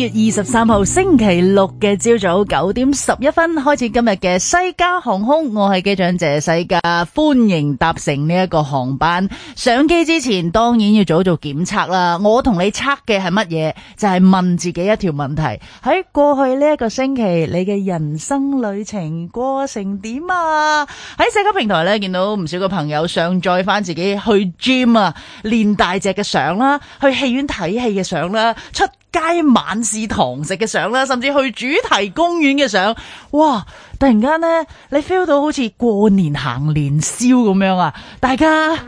月二十三號星期六嘅朝早九點十一分開始，今日嘅西加航空，我係機長謝世嘉，歡迎搭乘呢一個航班。上機之前，當然要早做檢測啦。我同你測嘅係乜嘢？就係、是、問自己一條問題：喺過去呢一個星期，你嘅人生旅程過成點啊？喺社交平台呢，見到唔少嘅朋友上載翻自己去 gym 啊，練大隻嘅相啦，去戲院睇戲嘅相啦，出街晚市堂食嘅相啦，甚至去主題公園嘅相，哇！突然間咧，你 feel 到好似過年行年宵咁樣啊！大家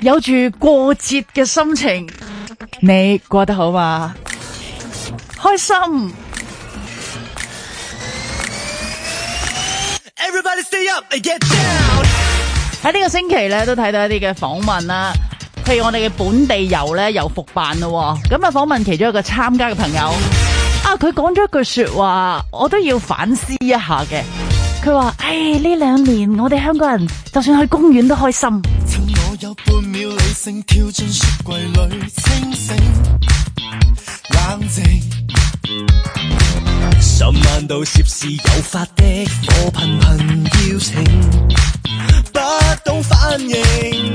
有住過節嘅心情，你過得好嗎？開心！Everybody stay up, get down！喺呢個星期咧，都睇到一啲嘅訪問啦。譬如我哋嘅本地遊咧又復辦咯喎。咁啊，訪問其中一個參加嘅朋友啊，佢講咗一句說話，我都要反思一下嘅。佢話，唉，呢兩年我哋香港人就算去公園都開心。趁我有半秒理性跳進雪櫃裏清醒冷靜十萬度涉事有法的我頻頻邀請不懂反應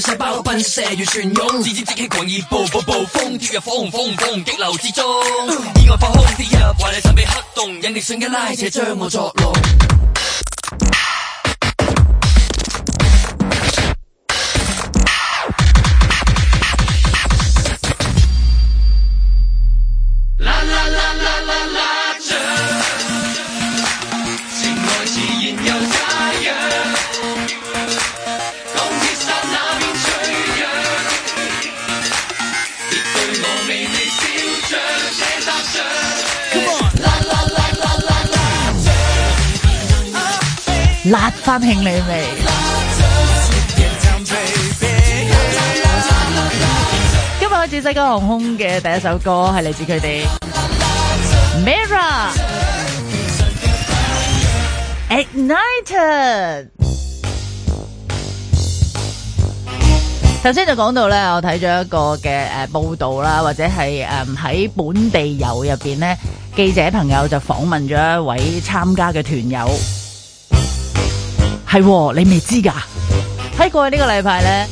細胞噴射如旋湧智智智，指尖積起狂熱暴暴暴風，跳入火紅火紅火紅激流之中。意、uh, 外破空跌入華麗神秘黑洞，引力瞬間拉扯將我作弄。辣翻慶你味！今日開始西加航空嘅第一首歌係嚟自佢哋。Mirror。Ignited。頭先就講到咧，我睇咗一個嘅誒報道啦，或者係誒喺本地遊入邊咧，記者朋友就訪問咗一位參加嘅團友。係，你未知噶？喺過去呢個禮拜咧，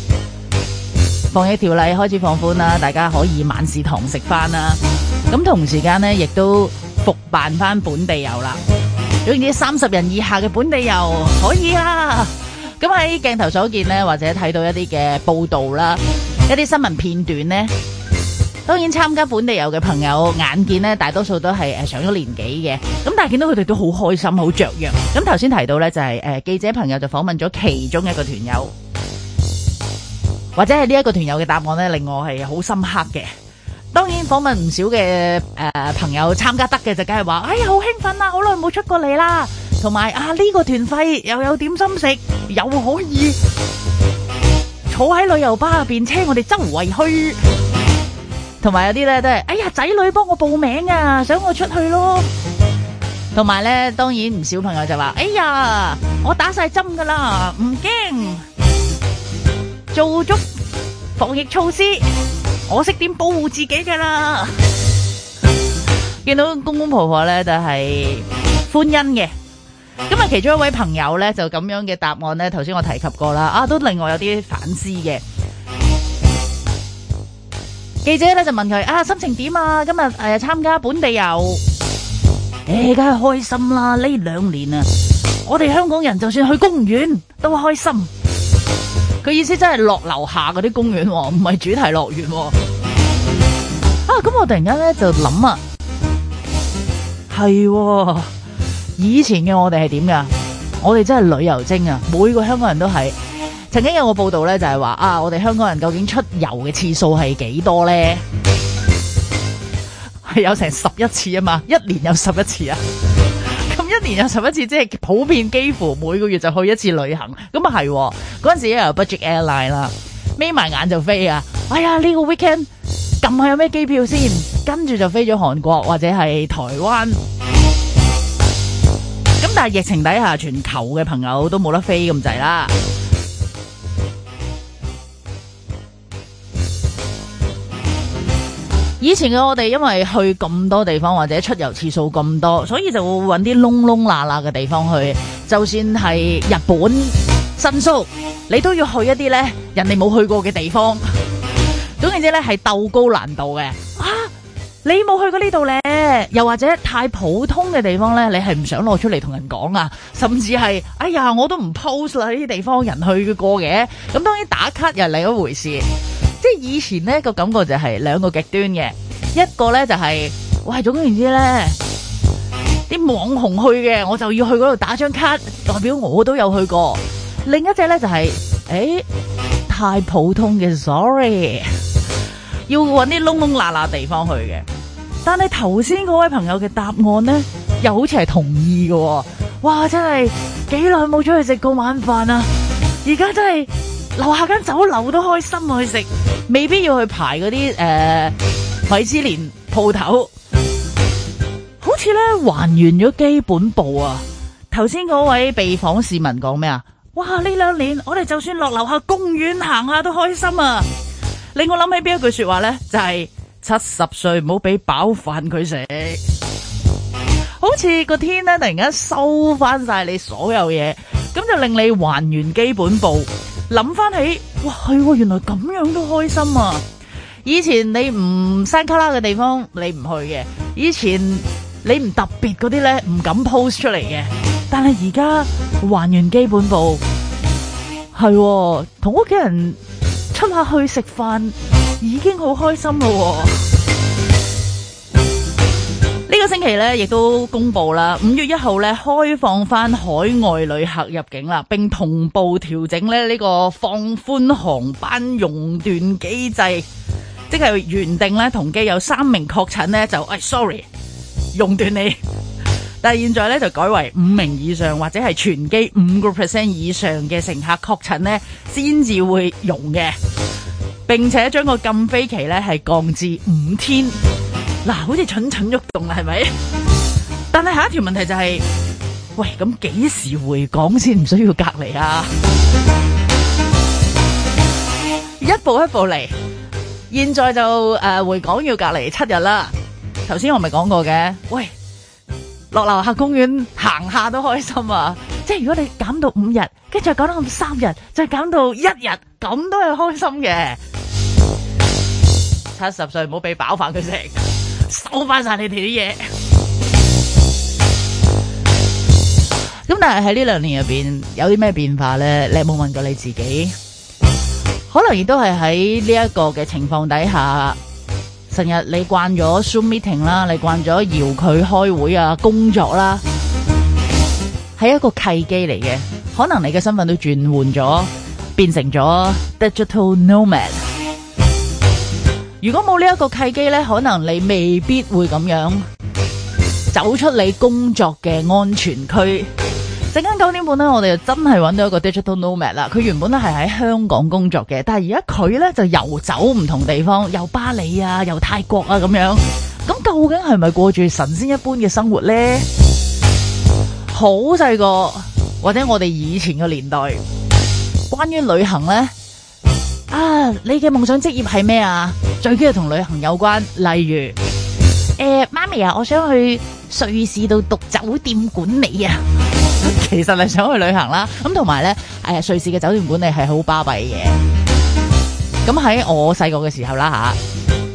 防疫條例開始放寬啦，大家可以晚市堂食翻啦。咁同時間咧，亦都復辦翻本地遊啦。總之，三十人以下嘅本地遊可以啦。咁喺鏡頭所見咧，或者睇到一啲嘅報道啦，一啲新聞片段咧。當然參加本地遊嘅朋友眼見呢，大多數都係誒、呃、上咗年紀嘅，咁但係見到佢哋都好開心，好雀躍。咁頭先提到呢，就係、是、誒、呃、記者朋友就訪問咗其中一個團友，或者係呢一個團友嘅答案呢，令我係好深刻嘅。當然訪問唔少嘅誒、呃、朋友參加得嘅就梗係話，哎呀好興奮啊，好耐冇出過嚟啦，同埋啊呢個團費又有點心食，又可以坐喺旅遊巴入邊車我哋周圍去。同埋有啲咧都係，哎呀仔女幫我報名啊，想我出去咯。同埋咧，當然唔少朋友就話，哎呀，我打晒針噶啦，唔驚，做足防疫措施，我識點保護自己噶啦。見到公公婆婆咧就係歡欣嘅，咁啊其中一位朋友咧就咁樣嘅答案咧，頭先我提及過啦，啊都令我有啲反思嘅。記者咧就問佢：啊，心情點啊？今日誒參加本地遊，誒梗係開心啦！呢兩年啊，我哋香港人就算去公園都開心。佢意思真係落樓下嗰啲公園，唔係主題樂園。啊，咁我突然間咧就諗啊，係以前嘅我哋係點㗎？我哋真係旅遊精啊！每個香港人都係。曾經有個報道咧，就係話啊，我哋香港人究竟出遊嘅次數係幾多咧？係有成十一次啊嘛，一年有十一次啊！咁 一年有十一次，即係普遍幾乎每個月就去一次旅行。咁啊係，嗰陣時又有 budget airline 啦，眯埋眼就飛啊！哎呀，呢、呢個 weekend 撳下有咩機票先？跟住就飛咗韓國或者係台灣。咁但係疫情底下，全球嘅朋友都冇得飛咁滯啦。以前嘅我哋因為去咁多地方或者出遊次數咁多，所以就會揾啲窿窿罅罅嘅地方去。就算係日本新宿，你都要去一啲咧，人哋冇去過嘅地方。總言之咧，係鬥高難度嘅。啊，你冇去過呢度咧？又或者太普通嘅地方咧，你係唔想攞出嚟同人講啊？甚至係，哎呀，我都唔 post 啦！呢啲地方人去過嘅，咁當然打卡又係另一回事。即係以前咧個感覺就係兩個極端嘅，一個咧就係、是，喂，總言之咧，啲網紅去嘅，我就要去嗰度打張卡，代表我都有去過。另一隻咧就係、是，誒、欸，太普通嘅，sorry，要搵啲窿窿罅罅地方去嘅。但係頭先嗰位朋友嘅答案咧，又好似係同意㗎喎。哇，真係幾耐冇出去食過晚飯啊！而家真係。樓下間酒樓，都開心去食，未必要去排嗰啲誒米芝蓮鋪頭。好似咧還原咗基本步啊！頭先嗰位被訪市民講咩啊？哇！呢兩年我哋就算落樓下公園行下都開心啊！令我諗起邊一句說話咧，就係七十歲唔好俾飽飯佢食。好似個天咧突然間收翻晒你所有嘢，咁就令你還原基本步。諗翻起，哇係、哦，原來咁樣都開心啊！以前你唔山卡拉嘅地方，你唔去嘅；以前你唔特別嗰啲咧，唔敢 post 出嚟嘅。但係而家還原基本步，係同屋企人出下去食飯，已經好開心咯、哦。呢個星期咧，亦都公布啦，五月一號咧開放翻海外旅客入境啦，並同步調整咧呢個放寬航班熔斷機制，即係原定咧同機有三名確診咧就，哎，sorry，熔斷你，但係現在咧就改為五名以上或者係全機五個 percent 以上嘅乘客確診咧，先至會熔嘅，並且將個禁飛期咧係降至五天。嗱、啊，好似蠢蠢欲動啦，係咪？但係下一條問題就係、是，喂，咁幾時回港先唔需要隔離啊？一步一步嚟，現在就誒、呃、回港要隔離七日啦。頭先我咪講過嘅，喂，落樓下公園行下都開心啊！即係如果你減到五日，跟住再減到咁三日，再減到一日，咁都係開心嘅。七十歲唔好俾飽飯佢食。收翻晒你哋啲嘢。咁但係喺呢兩年入邊有啲咩變化咧？你有冇問過你自己？可能亦都係喺呢一個嘅情況底下，成日你慣咗 Zoom meeting 啦，你慣咗遙距開會啊，工作啦，係一個契機嚟嘅。可能你嘅身份都轉換咗，變成咗 digital nomad。如果冇呢一個契機咧，可能你未必會咁樣走出你工作嘅安全區。陣間九點半咧，我哋就真係揾到一個 digital nomad 啦。佢原本咧係喺香港工作嘅，但係而家佢咧就游走唔同地方，又巴黎啊，又泰國啊咁樣。咁究竟係咪過住神仙一般嘅生活咧？好細個或者我哋以前嘅年代，關於旅行咧，啊，你嘅夢想職業係咩啊？最緊要同旅行有關，例如，誒、欸，媽咪啊，我想去瑞士度讀酒店管理啊， 其實係想去旅行啦，咁同埋咧，誒、欸，瑞士嘅酒店管理係好巴閉嘅嘢。咁喺 我細個嘅時候啦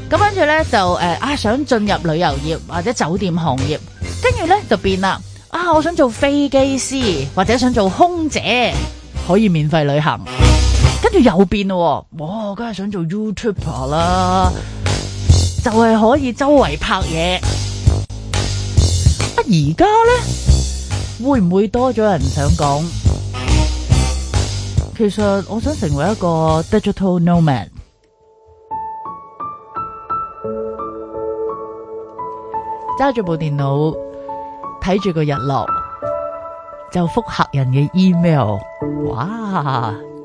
吓，咁跟住咧就誒、呃、啊想進入旅遊業或者酒店行業，跟住咧就變啦，啊，我想做飛機師或者想做空姐，可以免費旅行。跟住又變咯，我梗係想做 YouTuber 啦，就係可以周圍拍嘢。啊，而家咧會唔會多咗人想講？其實我想成為一個 digital nomad，揸住部電腦睇住個日落，就覆客人嘅 email。哇！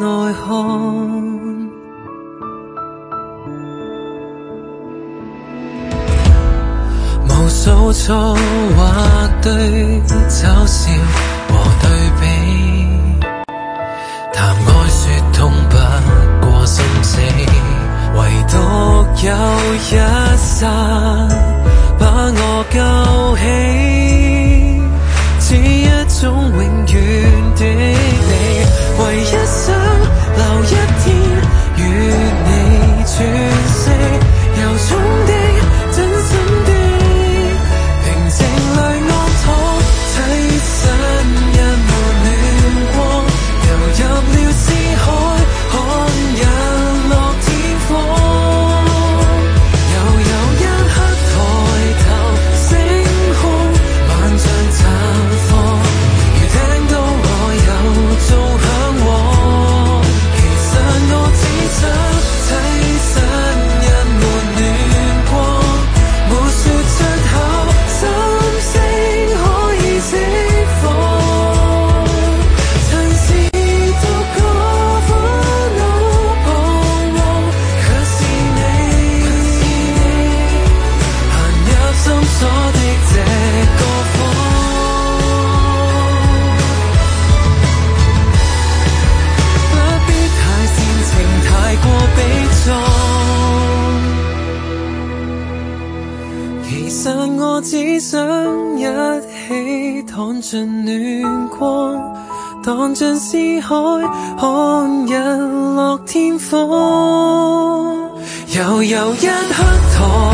耐看，無數錯話對嘲笑和對比，談愛說痛不過心死，唯獨有一剎把我救起。像詩海看日落天荒， 悠悠一刻躺。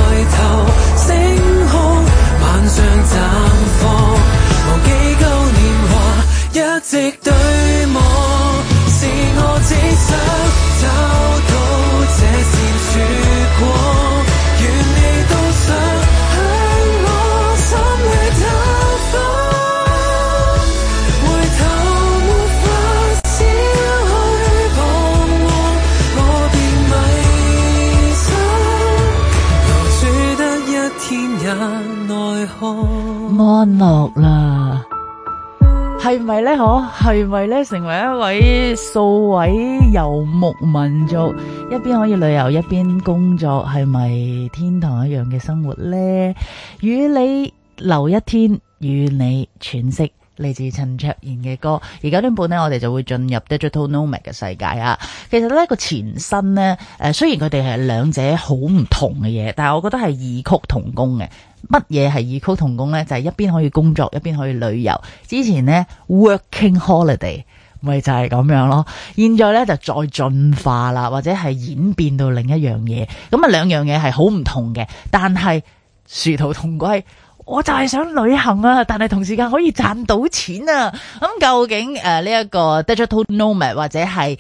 係咧，可係咪咧成為一位數位游牧民族，一邊可以旅遊，一邊工作，係咪天堂一樣嘅生活咧？與你留一天，與你喘息。嚟自陳卓賢嘅歌，而家呢本呢，我哋就會進入 digital nomad 嘅世界啊！其實呢個前身呢，誒雖然佢哋係兩者好唔同嘅嘢，但係我覺得係異曲同工嘅。乜嘢係異曲同工呢？就係、是、一邊可以工作，一邊可以旅遊。之前呢 working holiday 咪就係咁樣咯。現在呢，就再進化啦，或者係演變到另一樣嘢。咁啊兩樣嘢係好唔同嘅，但係殊途同歸。我就係想旅行啊，但係同時間可以賺到錢啊。咁究竟誒呢一個 digital nomad 或者係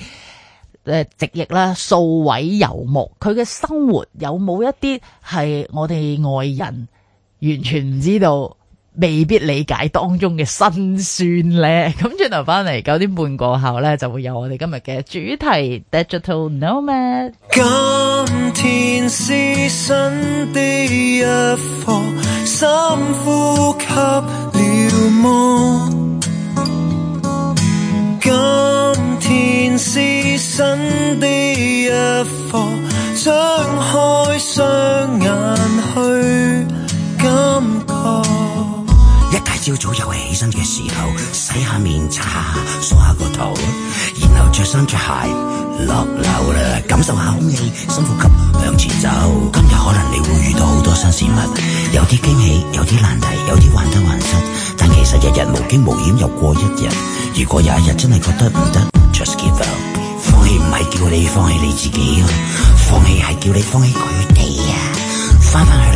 誒直譯啦，數位游牧，佢嘅生活有冇一啲係我哋外人完全唔知道？未必理解當中嘅辛酸咧，咁轉頭翻嚟九點半過後呢，就會有我哋今日嘅主題 digital nomad。朝早又係起身嘅時候，洗下面、擦下、梳下個頭，然後着衫着鞋落樓啦，感受下空氣，深呼吸，向前走。今日可能你會遇到好多新事物，有啲驚喜，有啲難題，有啲患得患失，但其實日日無驚無險又過一日。如果有一日真係覺得唔得，Just give up。放棄唔係叫你放棄你自己啊，放棄係叫你放棄佢哋啊，翻返去。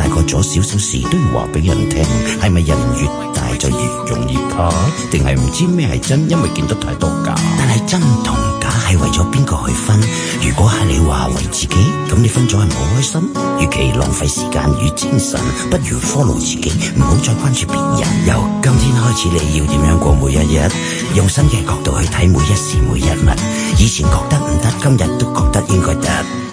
大過咗少少事都要話俾人聽，係咪人越大就越容易怕？定係唔知咩係真，因為見得太多是假。但係真同假係為咗邊個去分？如果係你話為自己，咁你分咗係唔好開心。與其浪費時間與精神，不如 follow 自己，唔好再關注別人。由今天開始，你要點樣過每一日？用新嘅角度去睇每一時每一物。以前覺得唔得，今日都覺得應該得。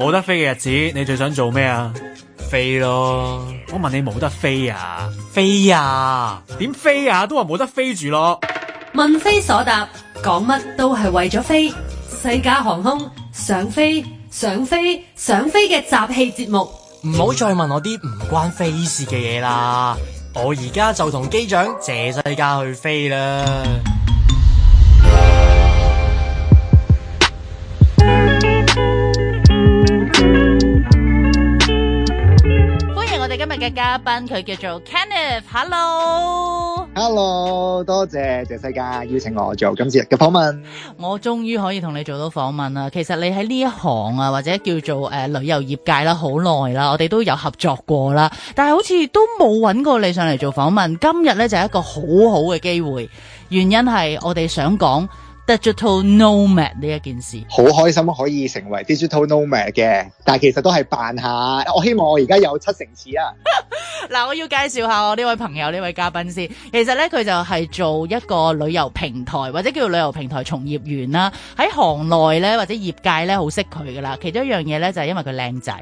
冇得飛嘅日子，你最想做咩啊？飛咯吧！我問你冇得飛啊？飛啊？點飛啊？都話冇得飛住咯。問非所答，講乜都係為咗飛。西加航空，想飛想飛想飛嘅集氣節目。唔好、嗯、再問我啲唔關飛事嘅嘢啦。我而家就同機長借西加去飛啦。嘅嘉賓，佢叫做 Kenneth Hello。Hello，Hello，多謝謝世界邀請我做今次嘅訪問。我終於可以同你做到訪問啦。其實你喺呢一行啊，或者叫做、呃、旅遊業界啦，好耐啦，我哋都有合作過啦，但係好似都冇揾過你上嚟做訪問。今日呢，就係一個好好嘅機會，原因係我哋想講。Digital Nomad 呢一件事，好開心可以成為 Digital Nomad 嘅，但係其實都係扮下。我希望我而家有七成似啊。嗱， 我要介紹下我呢位朋友呢位嘉賓先。其實呢，佢就係做一個旅遊平台或者叫做旅遊平台從業員啦。喺行內呢，或者業界呢，好識佢噶啦。其中一樣嘢呢，就係因為佢靚仔，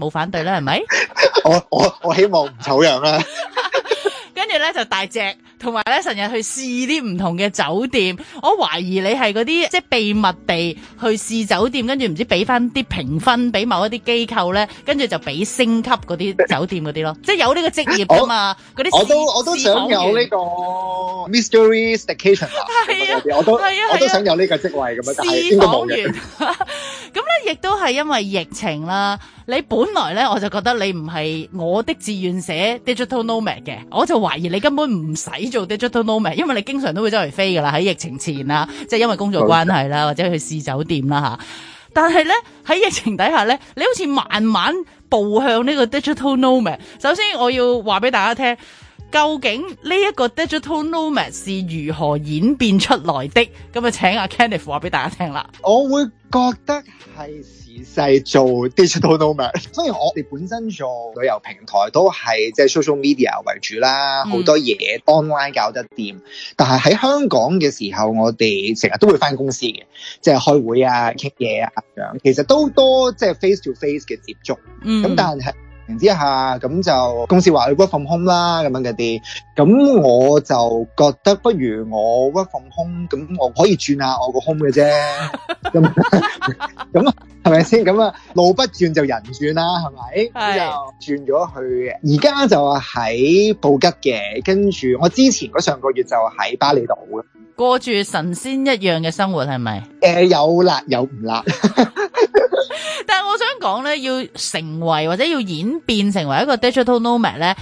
冇反對啦，係咪？ 我我我希望唔醜樣啦。 咧就大隻同埋咧成日去試啲唔同嘅酒店。我懷疑你係啲即係秘密地去試酒店，跟住唔知俾翻啲評分俾某一啲機構咧，跟住就俾升級啲酒店啲咯。 即係有呢個職業啊嘛？啲我，我都我都想有呢、這個 mystery station ious 係啊！我都係啊我都想有呢個職位咁樣，但係應該冇嘅。咁咧亦都係因為疫情啦。你本來咧我就覺得你唔係我的志願者 digital nomad 嘅，我就懷疑。你根本唔使做 digital nomad，因為你經常都會周圍飛噶啦。喺疫情前啦，即係因為工作關係啦，或者去試酒店啦吓，但係咧喺疫情底下咧，你好似慢慢步向呢個 digital nomad。首先我要話俾大家聽究竟呢一個 digital nomad 是如何演變出來的？咁啊，請阿 Kenneth 話俾大家聽啦。我會覺得係。係做 digital nomad，所以我哋本身做旅遊平台都係即係 social media 為主啦，好、嗯、多嘢 online 搞得掂。但係喺香港嘅時候，我哋成日都會翻公司嘅，即係開會啊、傾嘢啊咁樣其實都多即係 face to face 嘅接觸。咁、嗯、但係。嗯、之下咁就公司話要 work from home 啦咁樣嗰啲，咁我就覺得不如我 work from home，咁我可以轉下我個 home 嘅啫。咁咁啊，係咪先？咁啊，路不轉就人轉啦，係咪？又轉咗去嘅，而家就喺布吉嘅，跟住我之前嗰上個月就喺巴厘島過住神仙一樣嘅生活係咪？誒、呃，有辣有唔辣， 但係我想講咧，要成為或者要演變成為一個 digital nomad 咧，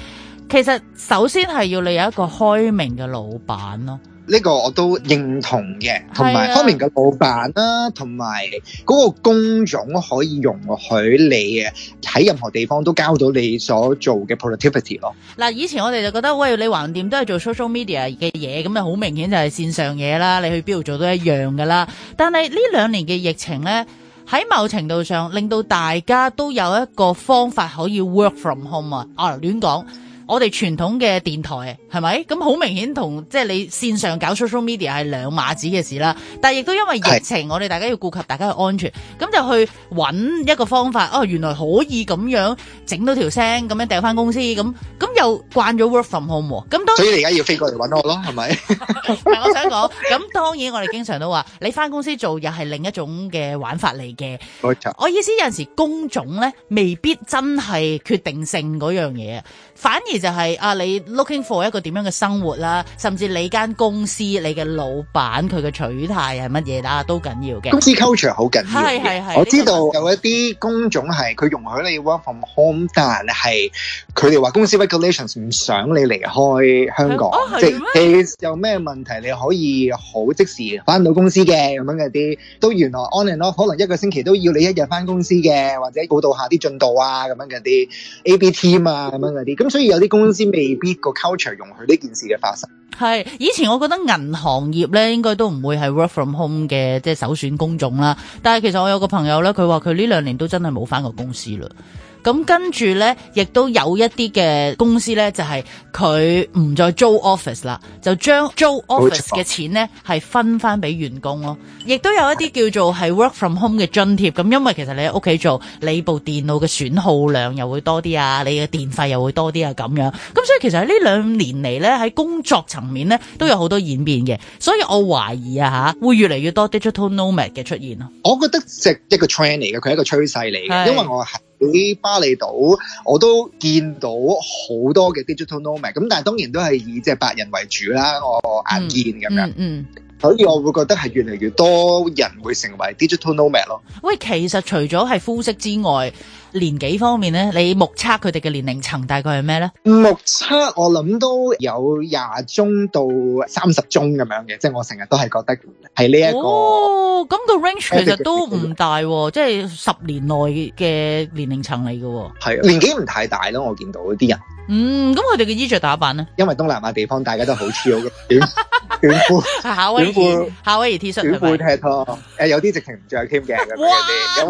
其實首先係要你有一個開明嘅老闆咯。呢個我都認同嘅，同埋方面嘅老闆啦，同埋嗰個工種可以容許你喺任何地方都交到你所做嘅 productivity 咯。嗱，以前我哋就覺得，喂，你橫掂都係做 social media 嘅嘢，咁啊好明顯就係線上嘢啦。你去邊度做都一樣噶啦。但係呢兩年嘅疫情咧，喺某程度上令到大家都有一個方法可以 work from home 啊，啊，亂講。我哋傳統嘅電台係咪咁，好明顯同即係你線上搞 social media 係兩碼子嘅事啦。但亦都因為疫情，是我哋大家要顧及大家嘅安全，咁就去揾一個方法。哦，原來可以咁樣整到條聲咁樣掉翻公司咁，咁又慣咗 work from home 咁。所以而家要飛過嚟揾我咯，係咪？但我想講，咁當然我哋經常都話你翻公司做又係另一種嘅玩法嚟嘅。錯我意思有陣時工種咧未必真係決定性嗰樣嘢反而就係、是、啊，你 looking for 一個點樣嘅生活啦，甚至你間公司你嘅老闆佢嘅取態係乜嘢啦，都緊要嘅。公司 culture 好緊要嘅。係係係，我知道有一啲工種係佢容許你 work from home，但係佢哋話公司 regulations 唔想你離開香港。哦、即係有咩問題你可以好即時返到公司嘅咁樣啲。都原來 online 咯，可能一個星期都要你一日返公司嘅，或者報道下啲進度啊咁樣嘅啲。AB team 啊咁樣嘅啲咁、嗯、所以有啲公司未必個 culture 容許呢件事嘅發生。係以前我覺得銀行業咧，應該都唔會係 work from home 嘅，即係首選工種啦。但係其實我有個朋友咧，佢話佢呢兩年都真係冇返過公司嘞。咁跟住呢，亦都有一啲嘅公司呢，就係佢唔再租 office 啦，就將租 office 嘅錢呢，係分翻俾員工咯、哦。亦都有一啲叫做係 work from home 嘅津貼。咁因為其實你喺屋企做，你部電腦嘅損耗量又會多啲啊，你嘅電費又會多啲啊咁樣。咁所以其實喺呢兩年嚟呢，喺工作層面呢，都有好多演變嘅。所以我懷疑啊吓會越嚟越多 digital nomad 嘅出現咯。我覺得係一個 trend 嚟嘅，佢係一個趨勢嚟嘅，是因為我喺巴厘島，我都見到好多嘅 digital nomad，咁但係當然都係以即係白人為主啦。我眼見咁樣，嗯，嗯，嗯，所以我會覺得係越嚟越多人會成為 digital nomad 咯。喂，其實除咗係膚色之外。年紀方面咧，你目測佢哋嘅年齡層大概係咩咧？目測我諗都有廿中到三十中咁樣嘅，即係我成日都係覺得係呢一個。哦，咁個 range 其實都唔大，即係十年內嘅年齡層嚟嘅。係啊，年紀唔太大咯，我見到啲人。嗯，咁佢哋嘅衣着打扮咧？因為東南亞地方大家都好潮嘅，短褲、夏威夷、夏威夷 T 恤、短褲、踢拖，誒，有啲直情唔着添嘅。哇，正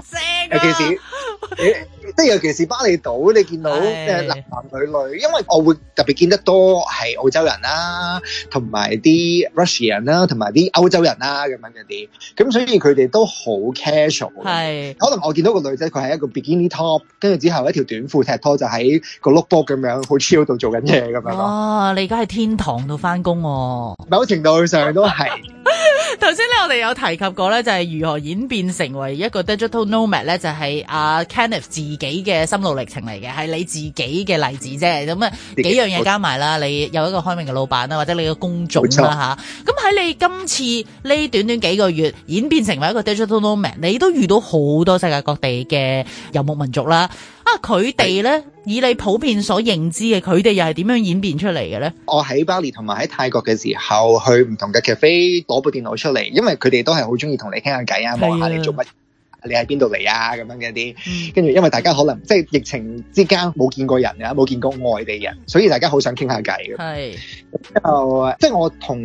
啊！有即係尤其是巴厘島，你見到男男女女，是因為我會特別見得多係澳洲人啦，同埋啲 Russian 人啦，同埋啲歐洲人啦咁樣啲，咁所以佢哋都好 casual。是可能我見到個女仔，佢係一個 bikini top，跟住之後一條短褲踢拖，就喺個 lookbook 咁樣，好 chill 度做緊嘢咁樣咯。哦、啊，你而家喺天堂度翻工，某程度上都係。頭先咧，我哋有提及過咧，就係如何演變成為一個 digital nomad 咧，就係阿 Kenneth 自己嘅心路歷程嚟嘅，係你自己嘅例子啫。咁啊，幾樣嘢加埋啦，錯你有一個開明嘅老闆啦，或者你嘅工種啦吓。咁喺錯、啊、你今次呢短短幾個月演變成為一個 digital nomad，你都遇到好多世界各地嘅游牧民族啦。啊，佢哋咧以你普遍所認知嘅，佢哋又係點樣演變出嚟嘅咧？我喺巴黎同埋喺泰國嘅時候，去唔同嘅 cafe 攞部電腦出嚟，因為佢哋都係好中意同你傾下偈啊，望下、啊、你做乜。你喺邊度嚟啊？咁樣嘅啲，跟住因為大家可能即係疫情之間冇見過人啊，冇見過外地人，所以大家好想傾下偈。係是，之後即係我同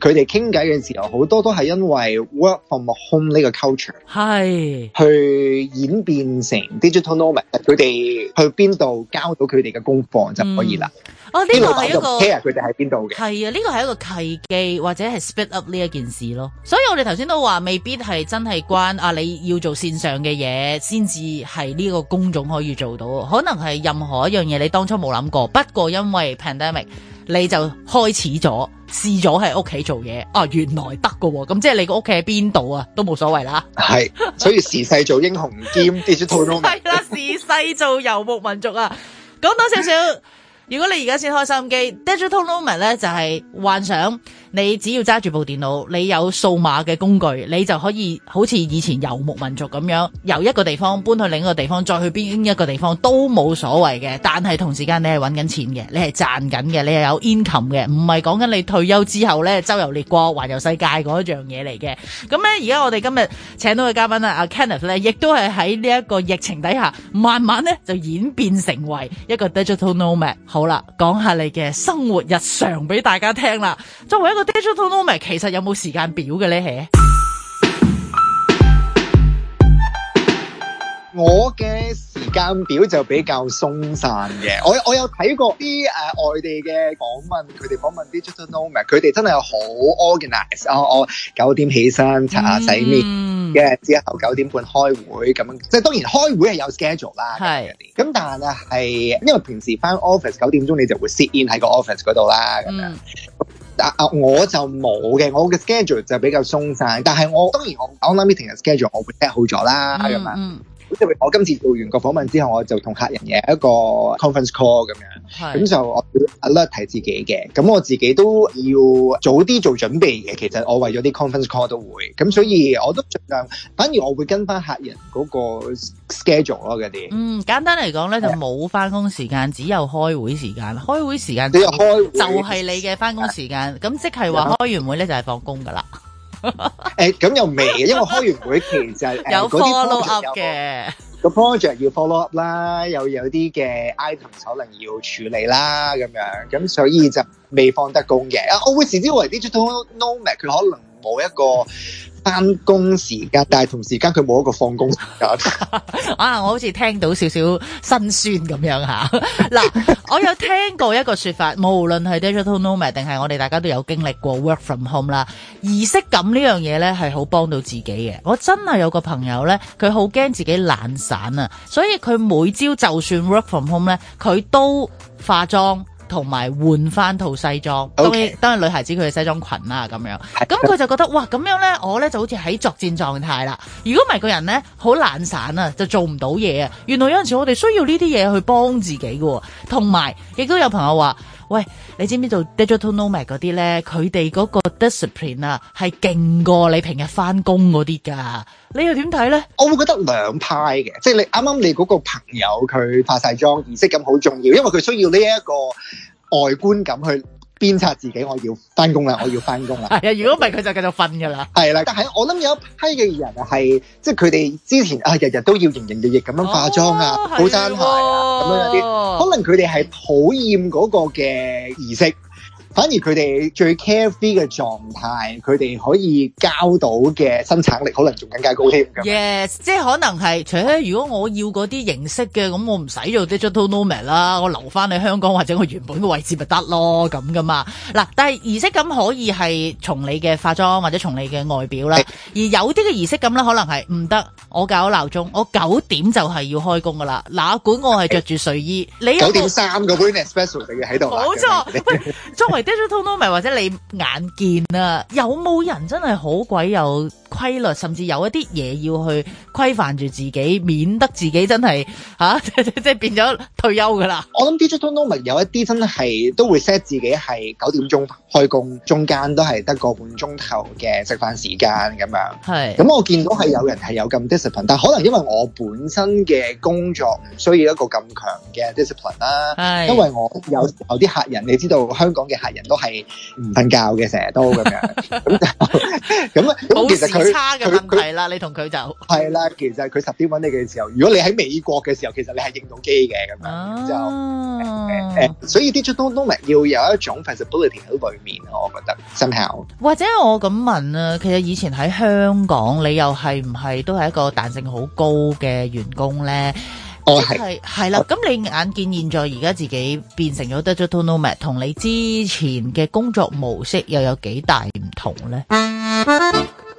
佢哋傾偈嘅時候，好多都係因為 work from home 呢個 culture，係是去演變成 digital nomad，佢哋去邊度交到佢哋嘅功課就可以啦。嗯哦，呢、這個係一個 care 佢哋喺邊度嘅，係啊，呢、這個係一個契機或者係 speed up 呢一件事咯。所以我哋頭先都話，未必係真係關啊，你要做線上嘅嘢，先至係呢個工種可以做到。可能係任何一樣嘢，你當初冇諗過，不過因為 pandemic，你就開始咗試咗喺屋企做嘢。啊，原來得喎、哦。咁即係你個屋企喺邊度啊，都冇所謂啦。係，所以時勢做英雄兼、 啊，兼跌咗套中。係啦，時勢做遊牧民族啊，講多少少。 如果你而家先開收音機，《Digital Moment》咧就係幻想。你只要揸住部電腦，你有數碼嘅工具，你就可以好似以前遊牧民族咁樣，由一個地方搬去另一個地方，再去邊一個地方都冇所謂嘅。但係同時間你係揾緊錢嘅，你係賺緊嘅，你係有 income 嘅，唔係講緊你退休之後呢，周遊列國環遊世界嗰一樣嘢嚟嘅。咁呢，而家我哋今日請到嘅嘉賓啦、啊，阿 Kenneth 呢，亦都係喺呢一個疫情底下，慢慢呢，就演變成為一個 digital nomad。好啦，講下你嘅生活日常俾大家聽啦。作為一個 Digital nomad 其實有冇時間表嘅咧？我嘅時間表就比較鬆散嘅。我我有睇過啲誒、呃、外地嘅訪問，佢哋訪問 digital nomad，佢哋真係好 organized 我我、嗯哦哦、九點起身，擦下洗面，跟、嗯、之後九點半開會，咁樣即係當然開會係有 schedule 啦是。係咁，但係因為平時翻 office 九點鐘，你就會 sit in 喺個 office 嗰度啦，咁樣。嗯但啊！我就冇嘅，我嘅 schedule 就比較鬆散，但係我當然我 online meeting 嘅 schedule 我會 set 好咗啦，係咁嘛，嗯嗯，好似我今次做完個訪問之後，我就同客人嘅一個 conference call 咁樣。咁就我 alert 睇自己嘅，咁我自己都要早啲做準備嘅。其實我為咗啲 conference call 都會，咁所以我都盡量，反而我會跟翻客人嗰個 schedule 咯嗰啲。嗯，簡單嚟講咧，就冇翻工時間，只有開會時間。開會時間就你係開，就係你嘅翻工時間。咁即係話開完會咧就係放工噶啦。誒、 嗯，咁又未，因為開完會其實 有 follow up 嘅、呃。 llow 個 project 要 follow up 啦，又有啲嘅 item 可能要處理啦，咁樣，咁所以就未放得工嘅。啊，我會視之為啲 digital nomad，佢可能冇一個。翻工時間，但係同時間佢冇一個放工時間 啊！我好似聽到少少辛酸咁樣吓嗱、 啊。我有聽過一個說法，無論係 digital nomad 定係我哋大家都有經歷過 work from home 啦。儀式感呢樣嘢呢係好幫到自己嘅。我真係有個朋友呢，佢好驚自己懶散啊，所以佢每朝就算 work from home 呢，佢都化妝。同埋換翻套西裝，當然當然女孩子佢嘅西裝裙啦咁樣，咁佢 Okay. 就覺得哇咁樣呢？我呢就好似喺作戰狀態啦。如果唔係個人呢，好懶散啊，就做唔到嘢啊。原來有陣時我哋需要呢啲嘢去幫自己喎、哦。」同埋亦都有朋友話。喂，你知唔知道 digital nomad 嗰啲咧？佢哋嗰個 discipline 啊，係勁過你平日翻工嗰啲噶。你又點睇咧？我會覺得兩派嘅，即係你啱啱你嗰個朋友佢化晒妝，儀式感好重要，因為佢需要呢一個外觀感去。鞭策自己，我要翻工啦！我要翻工啦！ 如果唔係，佢就繼續瞓噶啦。係啦，但係我諗有一批嘅人係，即係佢哋之前啊，日日都要營營役役咁樣化妝啊、補衫、哦、鞋啊咁、哦、樣嗰啲，可能佢哋係討厭嗰個嘅儀式。反而佢哋最 carefree 嘅狀態，佢哋可以交到嘅生產力可能仲更加高添。Yes，即係可能係，除、哎、非如果我要嗰啲形式嘅，咁我唔使做 digital nomad 啦，我留翻喺香港或者我原本嘅位置咪得咯，咁噶嘛。嗱，但係儀式感可以係從你嘅化妝或者從你嘅外表啦。哎、而有啲嘅儀式感咧，可能係唔得。我搞鬧鐘，我九點就係要開工噶啦。嗱，管我係着住睡衣，哎、你九點三個 brand special 嘅喺度。冇錯。作 digital n o m 或者你眼見啊，有冇人真係好鬼有規律，甚至有一啲嘢要去規範住自己，免得自己真係吓，即、啊、係 變咗退休噶啦。我諗 digital n o m 有一啲真係都會 set 自己係九點鐘開工，中間都係得個半鐘頭嘅食飯時間。咁樣，係咁是，我見到係有人係有咁 discipline，但可能因為我本身嘅工作唔需要一個咁強嘅 discipline 啦是。係因為我有時啲客人，你知道香港嘅客。人都係唔瞓覺嘅，成日都咁樣，咁啊， 那其實佢 差嘅問題啦，你同佢就係啦，其實佢十點揾你嘅時候，如果你喺美國嘅時候，其實你係認到機嘅咁樣，就、啊呃呃、所以啲都 g i 要有一種 flexibility，喺裏面我覺得。生效，或者我咁問啊，其實以前喺香港，你又係唔係都係一個彈性好高嘅員工咧？是即係係啦，咁你眼見現在而家自己變成咗 Digital Nomad 同你之前嘅工作模式又有幾大唔同咧？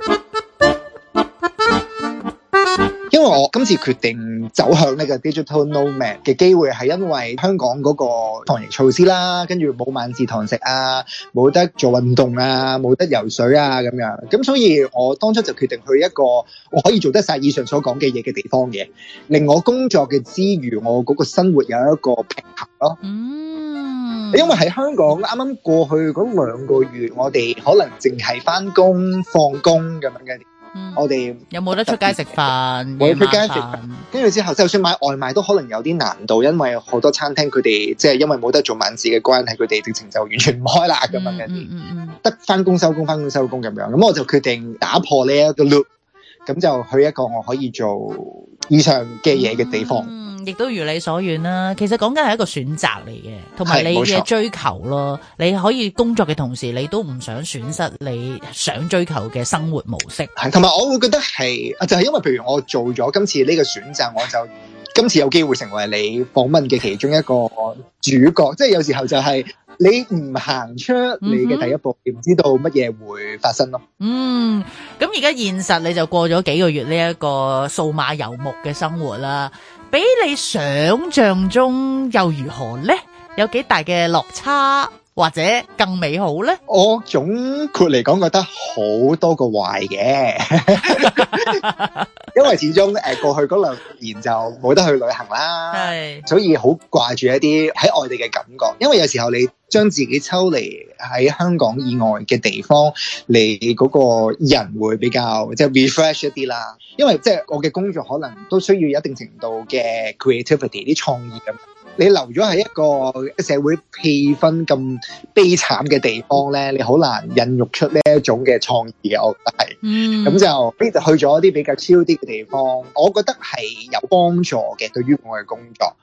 今次決定走向呢個 digital nomad 嘅機會，係因為香港嗰個防疫措施啦，跟住冇晚市堂食啊，冇得做運動啊，冇得游水啊咁樣。咁所以，我當初就決定去一個我可以做得晒以上所講嘅嘢嘅地方嘅。令我工作嘅之餘，我嗰個生活有一個平衡咯。嗯，因為喺香港啱啱過去嗰兩個月，我哋可能淨係返工、放工咁樣嘅。嗯、我哋有冇得出街食飯？我出街食飯，跟住之後，就算買外賣都可能有啲難度，因為好多餐廳佢哋即係因為冇得做晚市嘅關係，佢哋直情就完全唔開啦咁樣，得翻工收工，翻工收工咁樣。咁我就決定打破呢一個 loop，咁就去一個我可以做以上嘅嘢嘅地方。嗯嗯嗯亦都如你所願啦，其實講緊係一個選擇嚟嘅，同埋你嘅追求咯。你可以工作嘅同時，你都唔想損失你想追求嘅生活模式。係，同埋我會覺得係，就係因為譬如我做咗今次呢個選擇，我就今次有機會成為你訪問嘅其中一個主角。即係有時候就係你唔行出你嘅第一步，嗯哼，唔知道乜嘢會發生咯。嗯，咁而家現實你就過咗幾個月呢一個數碼游牧嘅生活啦。比你想象中又如何呢？有幾大嘅落差？或者更美好咧？我總括嚟講，覺得好多過壞嘅，因為始終誒過去嗰兩年就冇得去旅行啦， 係所以好掛住一啲喺外地嘅感覺。因為有時候你將自己抽離喺香港以外嘅地方，你嗰個人會比較即係、就是、refresh 一啲啦。因為即係、就是、我嘅工作可能都需要一定程度嘅 creativity，啲創意咁。你留咗喺一個社會氣氛咁悲慘嘅地方咧，你好難孕育出呢一種嘅創意嘅，我覺得係。咁、嗯、就，去咗一啲比較超啲嘅地方，我覺得係有幫助嘅，對於我嘅工作，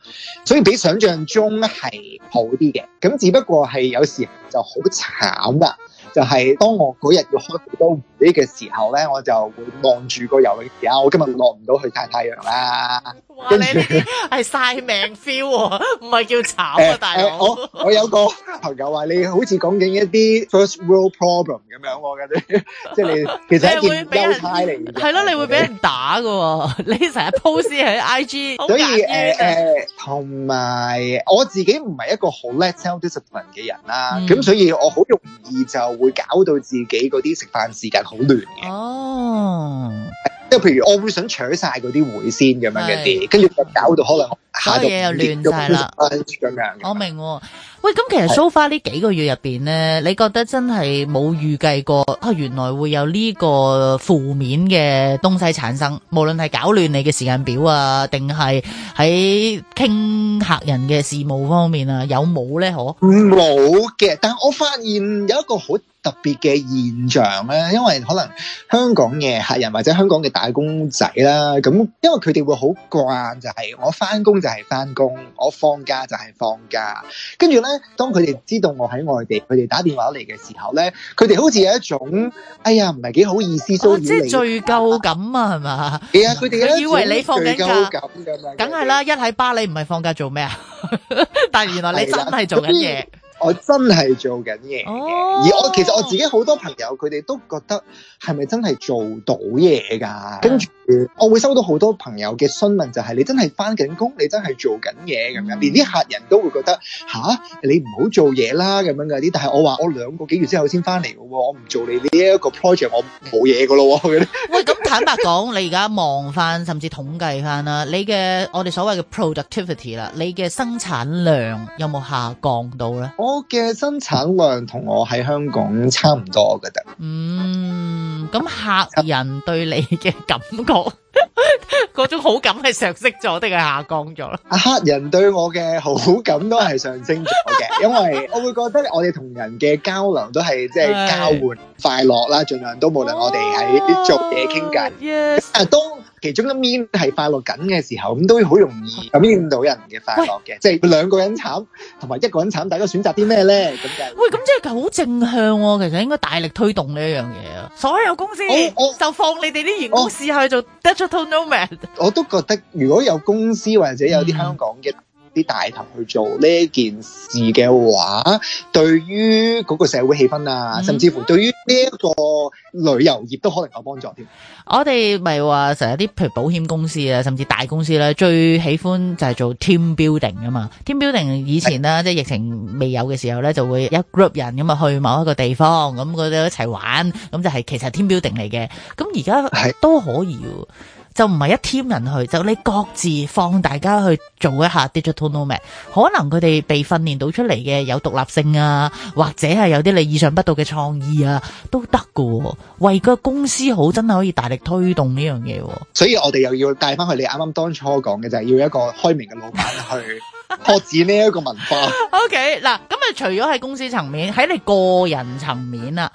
所以比想象中係好啲嘅。咁只不過係有時就好慘啊！就係當我嗰日要開好多會嘅時候咧，我就會望住個游泳池啊！我今日落唔到去曬太陽啦，哇著你你係曬命 feel，唔係叫慘啊！呃、大佬、呃、我 我，我有個朋友話你好似講緊一啲 first world problem 咁樣，我覺得即係你其實你會俾人係咯，你會俾人打嘅，你成日 post 喺 IG，所以誒誒，同埋我自己唔係一個好 self-discipline 嘅人啦，咁所以我好容易就會。搞到自己嗰啲食飯時間好亂嘅，哦，即係譬如我會想搶晒嗰啲會先咁樣嘅啲，跟住又搞到可能好多嘢又亂晒啦，咁樣我明，哦。喂，咁其實 so far 呢幾個月入邊咧，好你覺得真係冇預計過啊？原來會有呢個負面嘅東西產生，無論係搞亂你嘅時間表啊，定係喺傾客人嘅事務方面啊，有冇咧？嗬，冇嘅，但我發現有一個好特別嘅現象咧，因為可能香港嘅客人或者香港嘅打工仔啦，咁因為佢哋會好慣就係、是、我翻工就係翻工，我放假就係放假，跟住咧。當佢哋知道我喺外地，佢哋打電話嚟嘅時候咧，佢哋好似有一種哎呀，唔係幾好意思騷擾你嘅、啊、即係罪疚感啊，係咪啊？係啊，佢哋以為你放緊假咁樣，梗係啦，一喺巴黎唔係放假做咩啊？但係原來你真係做緊嘢。咎我真係做緊嘢，哦、而我其實我自己好多朋友佢哋都覺得係咪真係做到嘢㗎？嗯、跟住我會收到好多朋友嘅詢問，就係你真係翻緊工，你真係做緊嘢咁樣，連啲客人都會覺得吓、嗯，你唔好做嘢啦咁樣㗎啲。但係我話我兩個幾月之後先翻嚟喎，我唔做你呢一個 project，我冇嘢㗎咯。 喂，咁坦白講， 你而家望翻甚至統計翻啦，你嘅我哋所謂嘅 productivity 啦，你嘅生產量有冇下降到咧？我嘅生產量同我喺香港差唔多我覺得嗯。咁客人對你嘅感覺，嗰 種好感係上升咗定係下降咗咧？客人對我嘅好感都係上升咗嘅， 因為我會覺得我哋同人嘅交流都係即係交換快樂啦，盡是量都無論我哋喺做嘢傾偈，oh, yes. 啊都。其中一面係快樂緊嘅時候，咁都好容易感染到人嘅快樂嘅，即係喂兩個人慘同埋一個人慘，大家選擇啲咩咧？咁就係，喂，咁即係好正向喎、啊！其實應該大力推動呢一樣嘢啊！所有公司、哦、我就放你哋啲員工、哦、試下做 digital nomad。我都覺得如果有公司或者有啲香港嘅、嗯。啲大頭去做呢件事嘅話，對於嗰個社會氣氛啊，嗯、甚至乎對於呢一個旅遊業都可能有幫助添。我哋咪話成日啲譬如保險公司啊，甚至大公司咧，最喜歡就係做 team building 㗎嘛。team building 以前啦是即係疫情未有嘅時候咧，就會一 group 人咁啊去某一個地方，咁佢哋一齊玩，咁就係、是、其實 team building 嚟嘅。咁而家都可以。就唔係一 team 人去，就你各自放大家去做一下 digital nomad。可能佢哋被訓練到出嚟嘅有獨立性啊，或者係有啲你意想不到嘅創意啊，都得噶、啊。為個公司好，真係可以大力推動呢樣嘢。所以我哋又要帶翻去你啱啱當初講嘅，就係、是、要一個開明嘅老闆去拓展呢一個文化 okay,。O K. 嗱，咁啊，除咗喺公司層面，喺你個人層面啦、啊，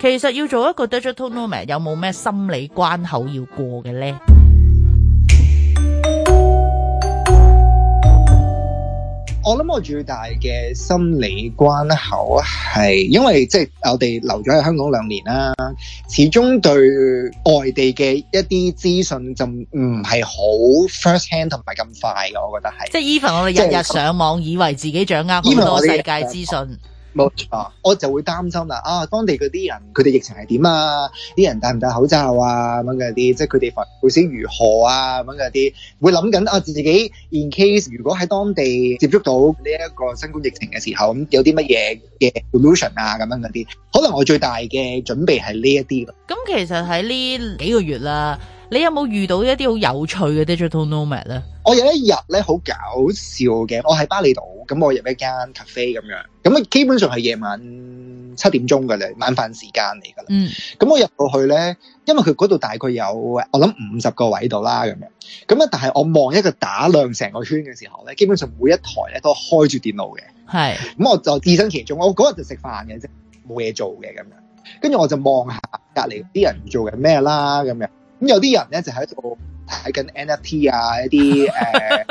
其實要做一個 digital nomad，有冇咩心理關口要過嘅咧？我諗我最大嘅心理關口係，因為即係我哋留咗喺香港兩年啦，始終對外地嘅一啲資訊就唔係好 first hand 同埋咁快嘅，我覺得係。即係 even 我哋日日上網，以為自己掌握好多世界資訊。冇錯！我就會擔心啦啊！當地嗰啲人佢哋疫情係點啊？啲人戴唔戴口罩啊？咁嗰啲，即係佢哋佛會先如何啊？咁嗰啲會諗緊啊自己 in case 如果喺當地接觸到呢一個新冠疫情嘅時候，咁有啲乜嘢嘅 solution 啊？咁樣嗰啲，可能我最大嘅準備係呢一啲咯。咁其實喺呢幾個月啦。你有冇遇到一啲好有趣嘅 digital nomad 咧？我有一日咧好搞笑嘅，我喺巴厘島咁，我入一間 cafe 咁樣咁啊，基本上係夜晚七點鐘噶啦，晚飯時間嚟噶啦。嗯，咁我入到去咧，因為佢嗰度大概有我諗五十個位度啦，咁樣咁啊。但係我望一個打量成個圈嘅時候咧，基本上每一台咧都開住電腦嘅，係咁是我就置身其中。我嗰日就食飯嘅啫，冇嘢做嘅咁樣，跟住我就望下隔籬啲人做緊咩啦，咁樣。咁有啲人咧就喺度睇緊 NFT 啊，一啲誒，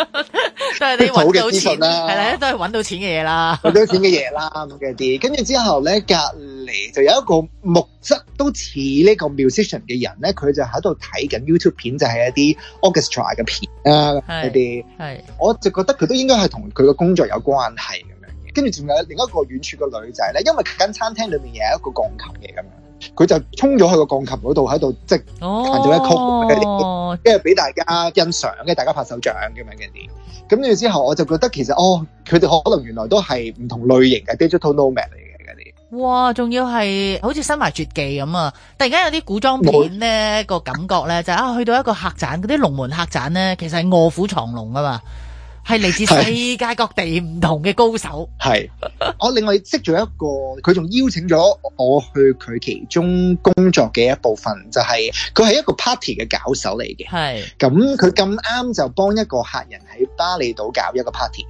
都係啲揾到錢啦，係啦，都係揾到錢嘅嘢啦，揾到錢嘅嘢啦咁嘅啲。跟住之後咧，隔籬 就有一個木質都似呢個 musician 嘅人咧，佢就喺度睇緊 YouTube 片，就係、是、一啲 orchestra 嘅片啦，一啲係。些是我就覺得佢都應該係同佢嘅工作有關係咁樣嘅。跟住仲有另一個遠處嘅女仔咧，因為間餐廳裏面有一個鋼琴嘅咁樣。佢就衝咗去個鋼琴嗰度喺度，即彈咗一曲，跟住俾大家欣賞，跟住大家拍手掌咁樣嘅。啲。咁跟住之後我就覺得其實哦，佢哋可能原來都係唔同類型嘅 digital nomad 嚟嘅嗰啲。哇，仲要係好似身懷絕技咁啊！突然間有啲古裝片咧我個感覺咧，就係、啊去到一個客棧，嗰啲龍門客棧咧，其實係卧虎藏龍啊嘛～係嚟自世界各地唔同嘅高手。係是， 我另外識咗一個，佢仲邀請咗我去佢其中工作嘅一部分，就係佢係一個 party 嘅搞手嚟嘅。係是，咁佢咁啱就幫一個客人喺巴厘島搞一個 party。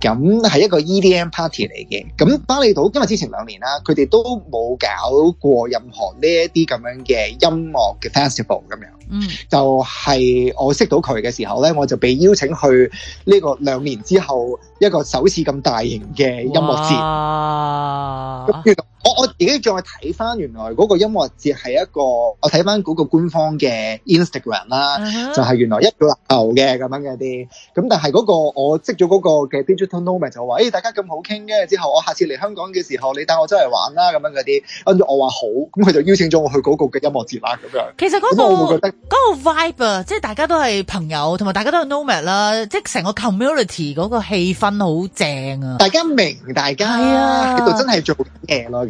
咁係一個 EDM party 嚟嘅，咁巴厘島因為之前兩年啦、啊，佢哋都冇搞過任何呢一啲咁樣嘅音樂嘅 festival 咁樣，嗯，就係我識到佢嘅時候呢，我就被邀請去呢個兩年之後一個首次咁大型嘅音樂節哇.我自己再睇翻原來嗰個音樂節係一個，我睇翻嗰個官方嘅 Instagram 啦，uh huh. 就係原來一，組一組，那個籃嘅咁樣嘅啲。咁但係嗰個我識咗嗰個嘅 digital nomad 就話：咦、哎，大家咁好傾嘅，之後我下次嚟香港嘅時候，你帶我周圍玩啦咁樣嗰啲。跟住我話好，咁佢就邀請咗我去嗰個嘅音樂節啦咁樣。其實嗰、那個嗰個 vibe 啊，即係大家都係朋友，同埋大家都係 nomad 啦，即成個 community 嗰個氣氛好正啊！大家明，大家係啊，度、uh huh. 真係做嘢咯。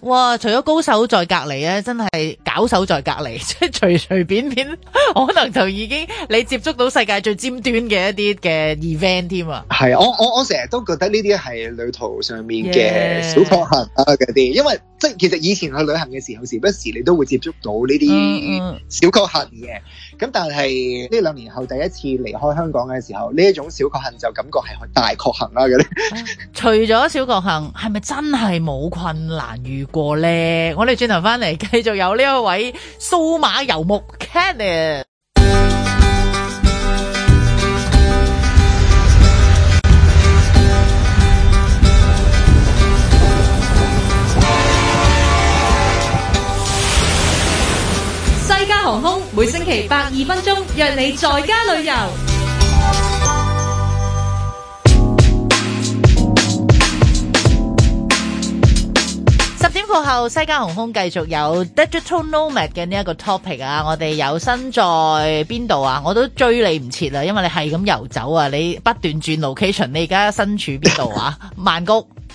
哇！除咗高手在隔離咧，真係搞手在隔離，即係隨隨便便可能就已經你接觸到世界最尖端嘅一啲嘅 event 添啊！係我我我成日都覺得呢啲係旅途上面嘅小確幸嗰啲。Yeah. 因為即係其實以前去旅行嘅時候，時不時你都會接觸到呢啲小確幸嘅。咁但係呢兩年後第一次離開香港嘅時候，呢一種小確幸就感覺係大確幸啦，啊！嗰啲除咗小確幸，係咪真係冇困難遇過呢？我哋轉頭翻嚟繼續有呢一位數碼遊牧 Cannon。航空每星期百二分鐘，約你在家旅遊。十點過後，西加航空繼續有 Digital Nomad 嘅呢一個 topic 啊。我哋有身在邊度啊？我都追你唔切啦，因為你係咁遊走啊，你不斷轉 location。你而家身處邊度啊？曼谷。 是道，我而家喺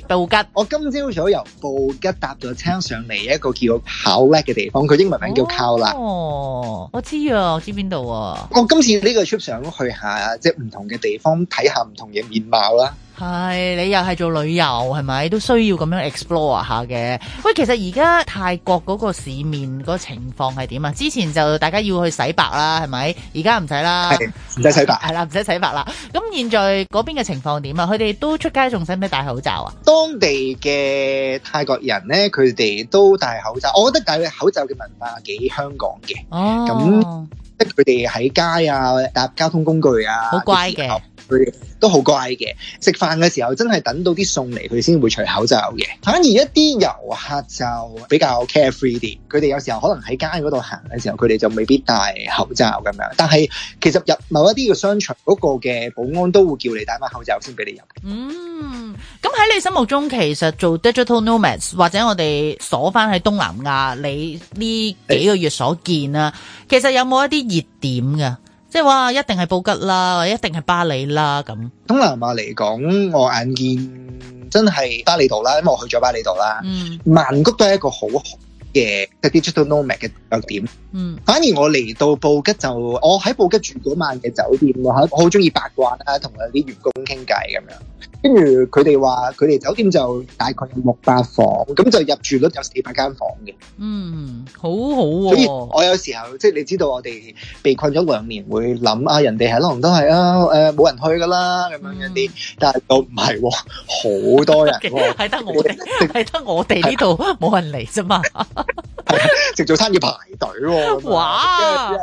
布吉，我今朝早由布吉搭咗車上嚟一個叫考叻嘅地方，佢英文名叫考叻。哦，我知啊，我知邊度啊！我今次呢個 trip 想去下即係唔同嘅地方睇下唔同嘅面貌啦。係，你又係做旅遊，係咪都需要咁樣 explore 下嘅？喂，其實而家泰國嗰個市面嗰情況係點啊？之前就大家要去洗白啦，係咪？而家唔使啦，係唔使洗白，係啦， 唔使洗白啦。咁現在嗰邊嘅情況點啊？佢哋都出街仲使唔使戴口罩啊？當地嘅泰國人咧，佢哋都戴口罩。我覺得戴口罩嘅文化幾香港嘅。哦。咁，即係佢哋喺街啊，搭交通工具啊，好乖嘅。都好乖嘅，食飯嘅時候真係等到啲餸嚟，佢先會除口罩嘅。反而一啲遊客就比較 carefree 啲，佢哋有時候可能喺街嗰度行嘅時候，佢哋就未必戴口罩咁樣。但係其實入某一啲嘅商場嗰個嘅保安都會叫你戴返口罩先俾你入。嗯，咁喺你心目中其實做 digital nomads 或者我哋鎖翻喺東南亞，你呢幾個月所見啊，的其實有冇一啲熱點㗎？即係話，一定係布吉啦，或者一定係巴厘啦咁。東南亞嚟講，我眼見真係巴厘島啦，因為我去咗巴厘島啦。嗯、曼谷都係一個好好嘅，digital nomad 嘅旅遊點。嗯、反而我嚟到布吉就，我喺布吉住嗰晚嘅酒店，我好中意八卦啦，同嗰啲員工傾偈咁樣。跟住佢哋話，佢哋酒店就大概有六百房，咁就入住率有四百間房嘅。嗯，好好、啊。所以我有時候即係你知道，我哋被困咗兩年，會諗啊，人哋可能都係啊，誒、呃、冇人去㗎啦咁、嗯、樣一啲，但係又唔係喎，好多人、哦，係得 我哋，係得 我哋呢度冇人嚟啫嘛。 食早餐要排隊喎！哇，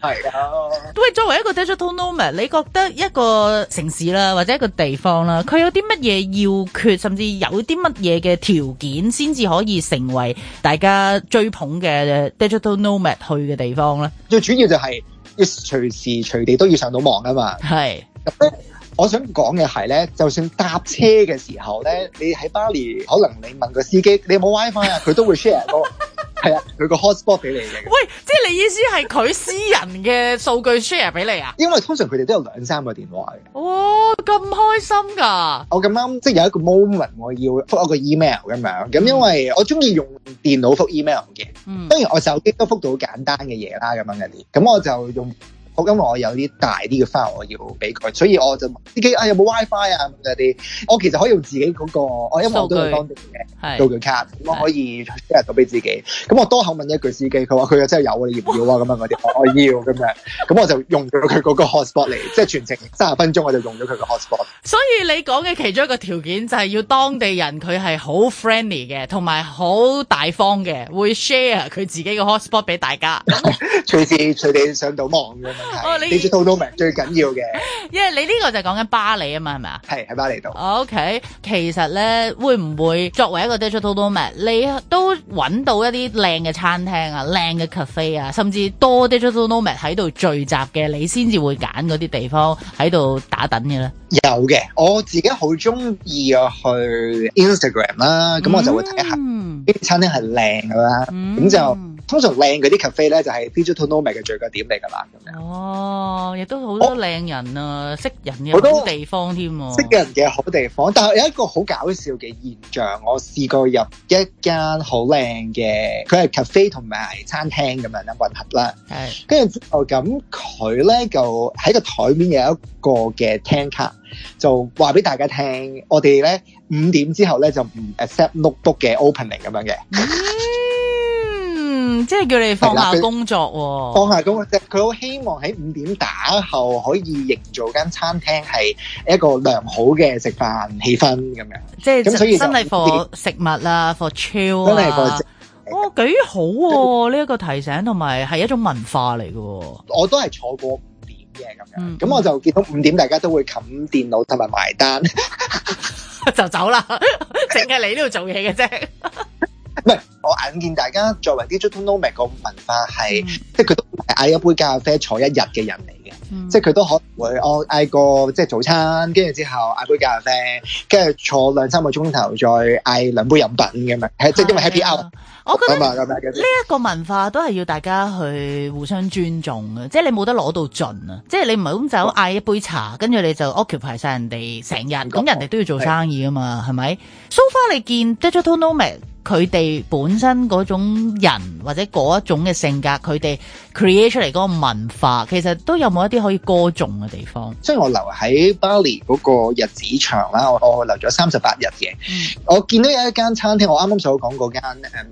係啊！喂，作為一個 digital nomad，你覺得一個城市啦，或者一個地方啦，佢有啲乜嘢要訣，甚至有啲乜嘢嘅條件，先至可以成為大家追捧嘅 digital nomad 去嘅地方咧？最主要就係要隨時隨地都要上到網啊嘛！係是。我想講嘅係咧，就算搭車嘅時候咧，你喺巴黎，可能你問個司機你有冇 WiFi 啊，佢都會 share、個係 啊，佢個 hotspot 俾你嘅。喂，即係你意思係佢私人嘅數據 share 俾你啊？因為通常佢哋都有兩三個電話嘅。哇、哦，咁開心噶！我咁啱即係有一個 moment，我要復一個 email 咁樣，咁因為我中意用電腦復 email 嘅。嗯、當然我手機都復到簡單嘅嘢啦，咁樣嗰啲。咁我就用。好，咁我有啲大啲嘅 file 我要俾佢，所以我就司機啊，有冇 WiFi 啊咁嗰啲，我其實可以用自己嗰個，我因為我都係當地嘅，數佢據卡是咁我可以 share 到俾自己。咁我多口問一句司機，佢話佢又真係有，你要唔要啊咁樣嗰啲，我我要咁 樣，咁我就用咗佢嗰個 hotspot 嚟，即係全程三十分鐘我就用咗佢個 hotspot。所以你講嘅其中一個條件就係要當地人佢係好 friendly 嘅，同埋好大方嘅，會 share 佢自己嘅 hotspot 俾大家， 隨時隨地上到網哦，你 Digital Nomad 最緊要嘅，因為你呢個就講緊巴黎啊嘛，係咪啊？係喺巴黎度。OK，其實咧會唔會作為一個 Digital Nomad，你都搵到一啲靚嘅餐廳啊、靚嘅 cafe 啊，甚至多 Digital Nomad 喺度聚集嘅，你先至會揀嗰啲地方喺度打等嘅咧？有嘅，我自己好中意啊去 Instagram 啦，咁我就會睇下啲、嗯、餐廳係靚噶啦，咁、嗯、就通常靚嗰啲 cafe 咧就係 digital nomad 嘅最佳點嚟噶啦，咁樣哦，亦都好多靚人啊，哦、識人嘅好地方添、啊，識人嘅好地方，但係有一個好搞笑嘅現象，我試過入一間好靚嘅，佢係 cafe 同埋餐廳咁樣嘅混合啦，係是，跟住之後咁佢咧就喺個台面有一個嘅廳卡。就話俾大家聽，我哋咧五點之後咧就唔 accept notebook 嘅 opening 咁樣嘅。嗯，即係叫你們放下工作、啊、他放下工作，放下工作，佢好希望喺五點打後可以營造間餐廳係一個良好嘅食飯氣氛咁樣。即係咁，所以真係 for 食物啦、啊、for chill 啊，哦，幾好哦、啊！呢一對個提醒同埋係一種文化嚟嘅。我都係坐過。嘢咁樣，咁、嗯、我就見到五點，大家都會冚電腦同埋埋單， 就走啦了。淨係 你呢度做嘢嘅啫，唔係我眼見大家作為 digital nomad 個文化係，嗯、即係佢都唔係嗌一杯咖啡坐一日嘅人嚟嘅，嗯、即係佢都可能會哦嗌個即係早餐，跟住之後嗌杯咖啡，跟住坐兩三個鐘頭，再嗌兩杯飲品咁樣，係即係因為 happy hour 我覺得呢一個文化都係要大家去互相尊重嘅，即係你冇得攞到盡啊，即係你唔係咁走嗌一杯茶，跟住你就 occupy 晒人哋成日，咁人哋都要做生意噶嘛，係咪是？So far 你見？Digital Nomad 佢哋本身嗰種人或者嗰一種嘅性格，佢哋 create 出嚟嗰個文化，其實都有冇一啲可以歌頌嘅地方？所以我留喺巴厘嗰個日子長啦，我我留咗三十八日嘅，嗯、我見到有一間餐廳，我啱啱所講嗰間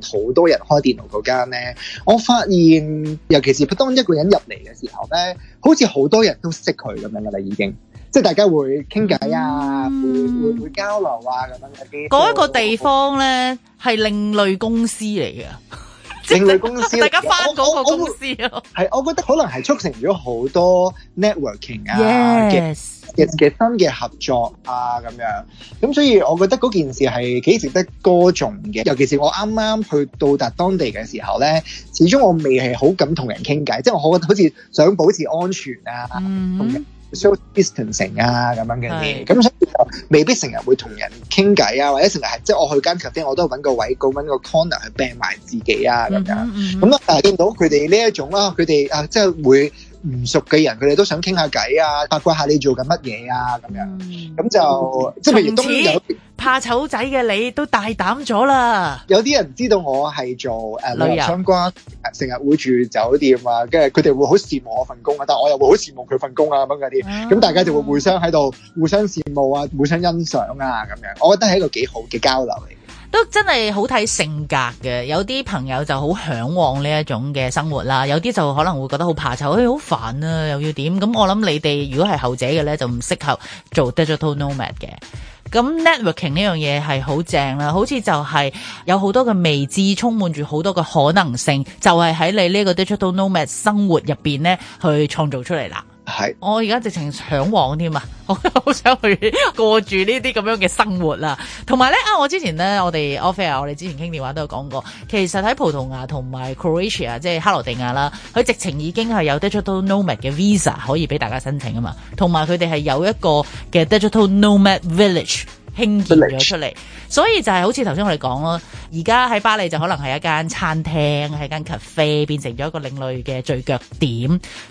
誒好多人開電腦嗰間咧，我發現尤其是當一個人入嚟嘅時候咧，好似好多人都識佢咁樣噶啦已經。即係大家會傾偈啊，嗯、會會會交流啊，咁樣嗰啲。嗰一個地方咧係樣另類公司嚟嘅， 知知另類公司。大家翻嗰個公司係， 我覺得可能係促成咗好多 networking 啊嘅嘅 Yes. 新嘅合作啊，咁樣。咁所以我覺得嗰件事係幾值得歌頌嘅。尤其是我啱啱去到達當地嘅時候咧，始終我未係好敢同人傾偈，即係我覺好似想保持安全啊咁、嗯 social distancing 啊咁樣嘅嘢，咁是所以就未必成日會同人傾偈啊，或者成日係即係我去間咖啡我都揾個位，揾個 corner 去 b e 埋自己啊咁樣咁、嗯嗯嗯、啊見到佢哋呢一種啦，佢哋啊即係會。唔熟嘅人，佢哋都想傾下偈啊，八卦下你做緊乜嘢啊，咁樣，咁就即係譬如有怕醜仔嘅你都大膽咗啦。有啲人知道我係做誒、呃、旅遊相關，成日、呃、會住酒店啊，跟住佢哋會好羨慕我份工啊，但係我又會好羨慕佢份工啊咁嗰啲，咁、嗯、大家就會互相喺度互相羨慕啊，互相欣賞啊咁樣，我覺得係一個幾好嘅交流嚟。都真係好睇性格嘅，有啲朋友就好向往呢一種嘅生活啦，有啲就可能會覺得好怕醜，哎好煩啊，又要點？咁我諗你哋如果係後者嘅呢，就唔適合做 digital nomad 嘅。咁 networking 呢樣嘢係好正啦，好似就係有好多嘅未知，充滿住好多嘅可能性，就係喺你呢個 digital nomad 生活入邊呢，去創造出嚟啦。係， 是我而家直情向往添啊！我好想去過住呢啲咁樣嘅生活啦。同埋咧，啊，我之前咧，我哋 offer，我哋之前傾電話都有講過，其實喺葡萄牙同埋 Croatia，即係克羅地亞啦，佢直情已經係有 digital nomad 嘅 visa 可以俾大家申請啊嘛。同埋佢哋係有一個嘅 digital nomad village 興建咗出嚟，所以就係好似頭先我哋講咯。而家喺巴黎就可能係一間餐廳，係間 cafe 變成咗一個另類嘅聚腳點。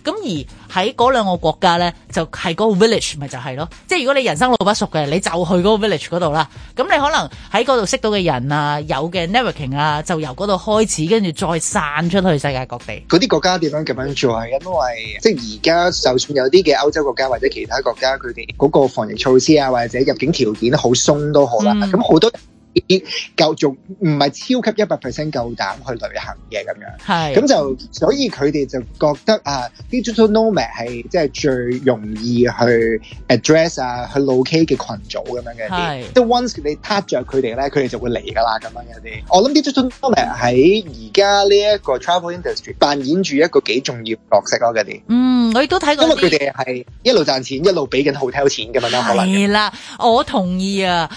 咁而喺嗰兩個國家咧，就係嗰個 village，咪就係咯。即係如果你人生路不熟嘅，你就去嗰個 village 嗰度啦。咁你可能喺嗰度識到嘅人啊，有嘅 networking 啊，就由嗰度開始，跟住再散出去世界各地。嗰啲國家點樣咁樣做？係因為即係而家，就算有啲嘅歐洲國家或者其他國家，佢哋嗰個防疫措施啊，或者入境條件好鬆都好啦。咁好多。啲夠仲唔係超級一百 percent 夠膽去旅行嘅咁樣，係咁是就所以佢哋就覺得啊，digital nomad 係即係最容易去 address 啊，去 locate 嘅群組咁樣嘅啲，都是 once 你 touch 著佢哋咧，佢哋就會嚟㗎喇咁樣嘅啲。我諗 digital nomad 喺而家、嗯、呢一個 travel industry 扮演住一個幾重要角色咯，嗰啲。嗯，我亦都睇過，因為佢哋係一路賺錢一路俾緊 hotel 錢咁樣咯，可能。係啦，我同意啊。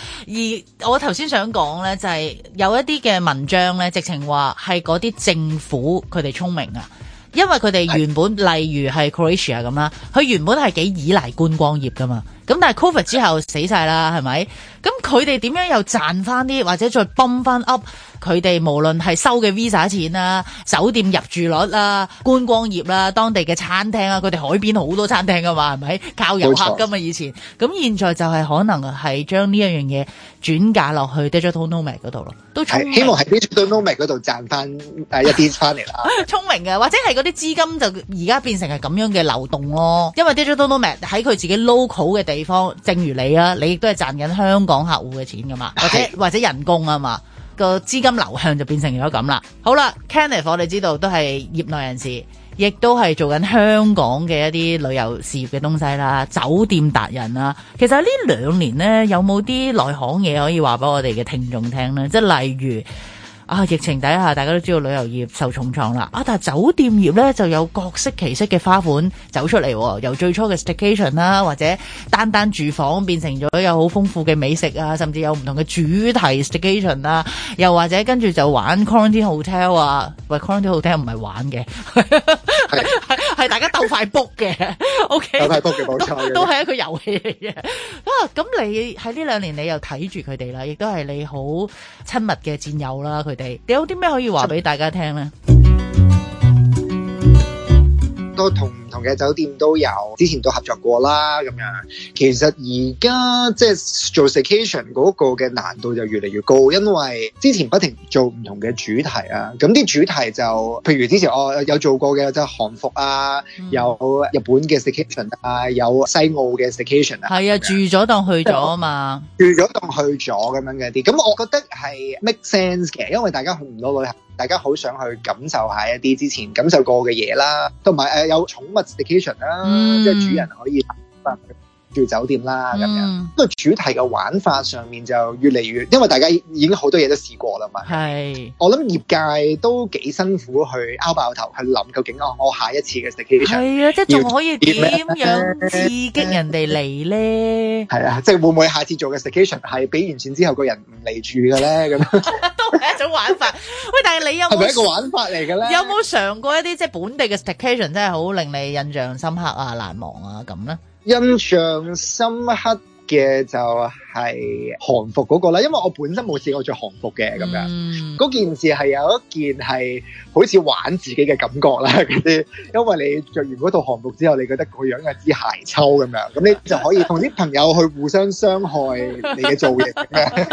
而我頭先想。想講咧，就係、是、有一啲嘅文章咧，直情話係嗰啲政府佢哋聰明啊，因為佢哋原本是例如係 Croatia 咁啦，佢原本係幾依賴觀光業噶嘛。咁但係 Covid 之後死晒啦，係咪？咁佢哋點樣又賺翻啲，或者再 boom 翻 up，佢哋無論係收嘅 Visa 錢啦、啊、酒店入住率啦、啊、觀光業啦、啊、當地嘅餐廳啦、啊，佢哋海邊好多餐廳嘅、啊、嘛，係咪錯？靠遊客㗎嘛，以前咁，現在就係可能係將呢一樣嘢轉嫁落去 digital nomad 嗰度咯，都係希望喺 digital nomad 嗰度賺翻一啲翻嚟啦，聰 明嘅，或者係嗰啲資金就而家變成係咁樣嘅流動咯，因為 digital nomad 喺佢自己 local 嘅地。地方，正如你啊，你亦都係賺緊香港客戶嘅錢噶嘛，或者或者人工啊嘛，個資金流向就變成咗咁啦。好啦，Kenneth 我哋知道都係業內人士，亦都係做緊香港嘅一啲旅遊事業嘅東西啦，酒店達人啦。其實呢兩年呢，有冇啲內行嘢可以話俾我哋嘅聽眾聽呢？即係例如。啊！疫情底下，大家都知道旅遊業受重創啦。啊，但係酒店業咧就有各式其色嘅花款走出嚟。哦。由最初嘅 staycation 啦，或者單單住房變成咗有好豐富嘅美食啊，甚至有唔同嘅主題 staycation 啦，啊，又或者跟住就玩 quarantine hotel 啊。喂，quarantine hotel 唔係玩嘅，係係是 大家鬥快 book 嘅。O K，冇錯嘅，都係一個遊戲嚟嘅。咁，啊，你喺呢兩年你又睇住佢哋啦，亦都係你好親密嘅戰友啦，佢。你哋有啲咩可以話俾大家聽咧？嗯呢都同唔同嘅酒店都有，之前都合作過啦咁樣。其實而家即係做 station 嗰個嘅難度就越嚟越高，因為之前不停做唔同嘅主題啊。咁啲主題就，譬如之前我、哦、有做過嘅即係韓服啊，嗯、有日本嘅 station 啊，有西澳嘅 station 啊。係啊，樣住咗當去咗啊嘛，住咗當去咗咁樣嘅啲。咁我覺得係 make sense 嘅，因為大家去唔到旅行。大家好想去感受下一啲之前感受過嘅嘢啦，同埋誒有寵、呃、物 station 啦，嗯、即係主人可以住，住酒店啦咁、嗯、樣。不過主題嘅玩法上面就越嚟越，因為大家已經好多嘢都試過啦嘛。係是，我諗業界都幾辛苦去拗爆頭去諗究竟我下一次嘅 station 係啊，即係仲可以點樣刺激人哋嚟咧？係啊，即係會唔會下次做嘅 station 係俾完錢之後個人唔嚟住嘅咧咁？ 係一種玩法，喂！但係你有冇係一個玩法嚟㗎咧？有冇嘗過一啲即係本地嘅 staycation，真係好令你印象深刻啊、難忘啊咁咧？印象深刻。嘅就係韓服嗰、那個啦，因為我本身冇試過着韓服嘅咁樣，嗰、嗯、件事係有一件係好似玩自己嘅感覺啦嗰啲，因為你着完嗰套韓服之後，你覺得個樣係支鞋抽咁樣，咁你就可以同啲朋友去互相傷害你嘅造型，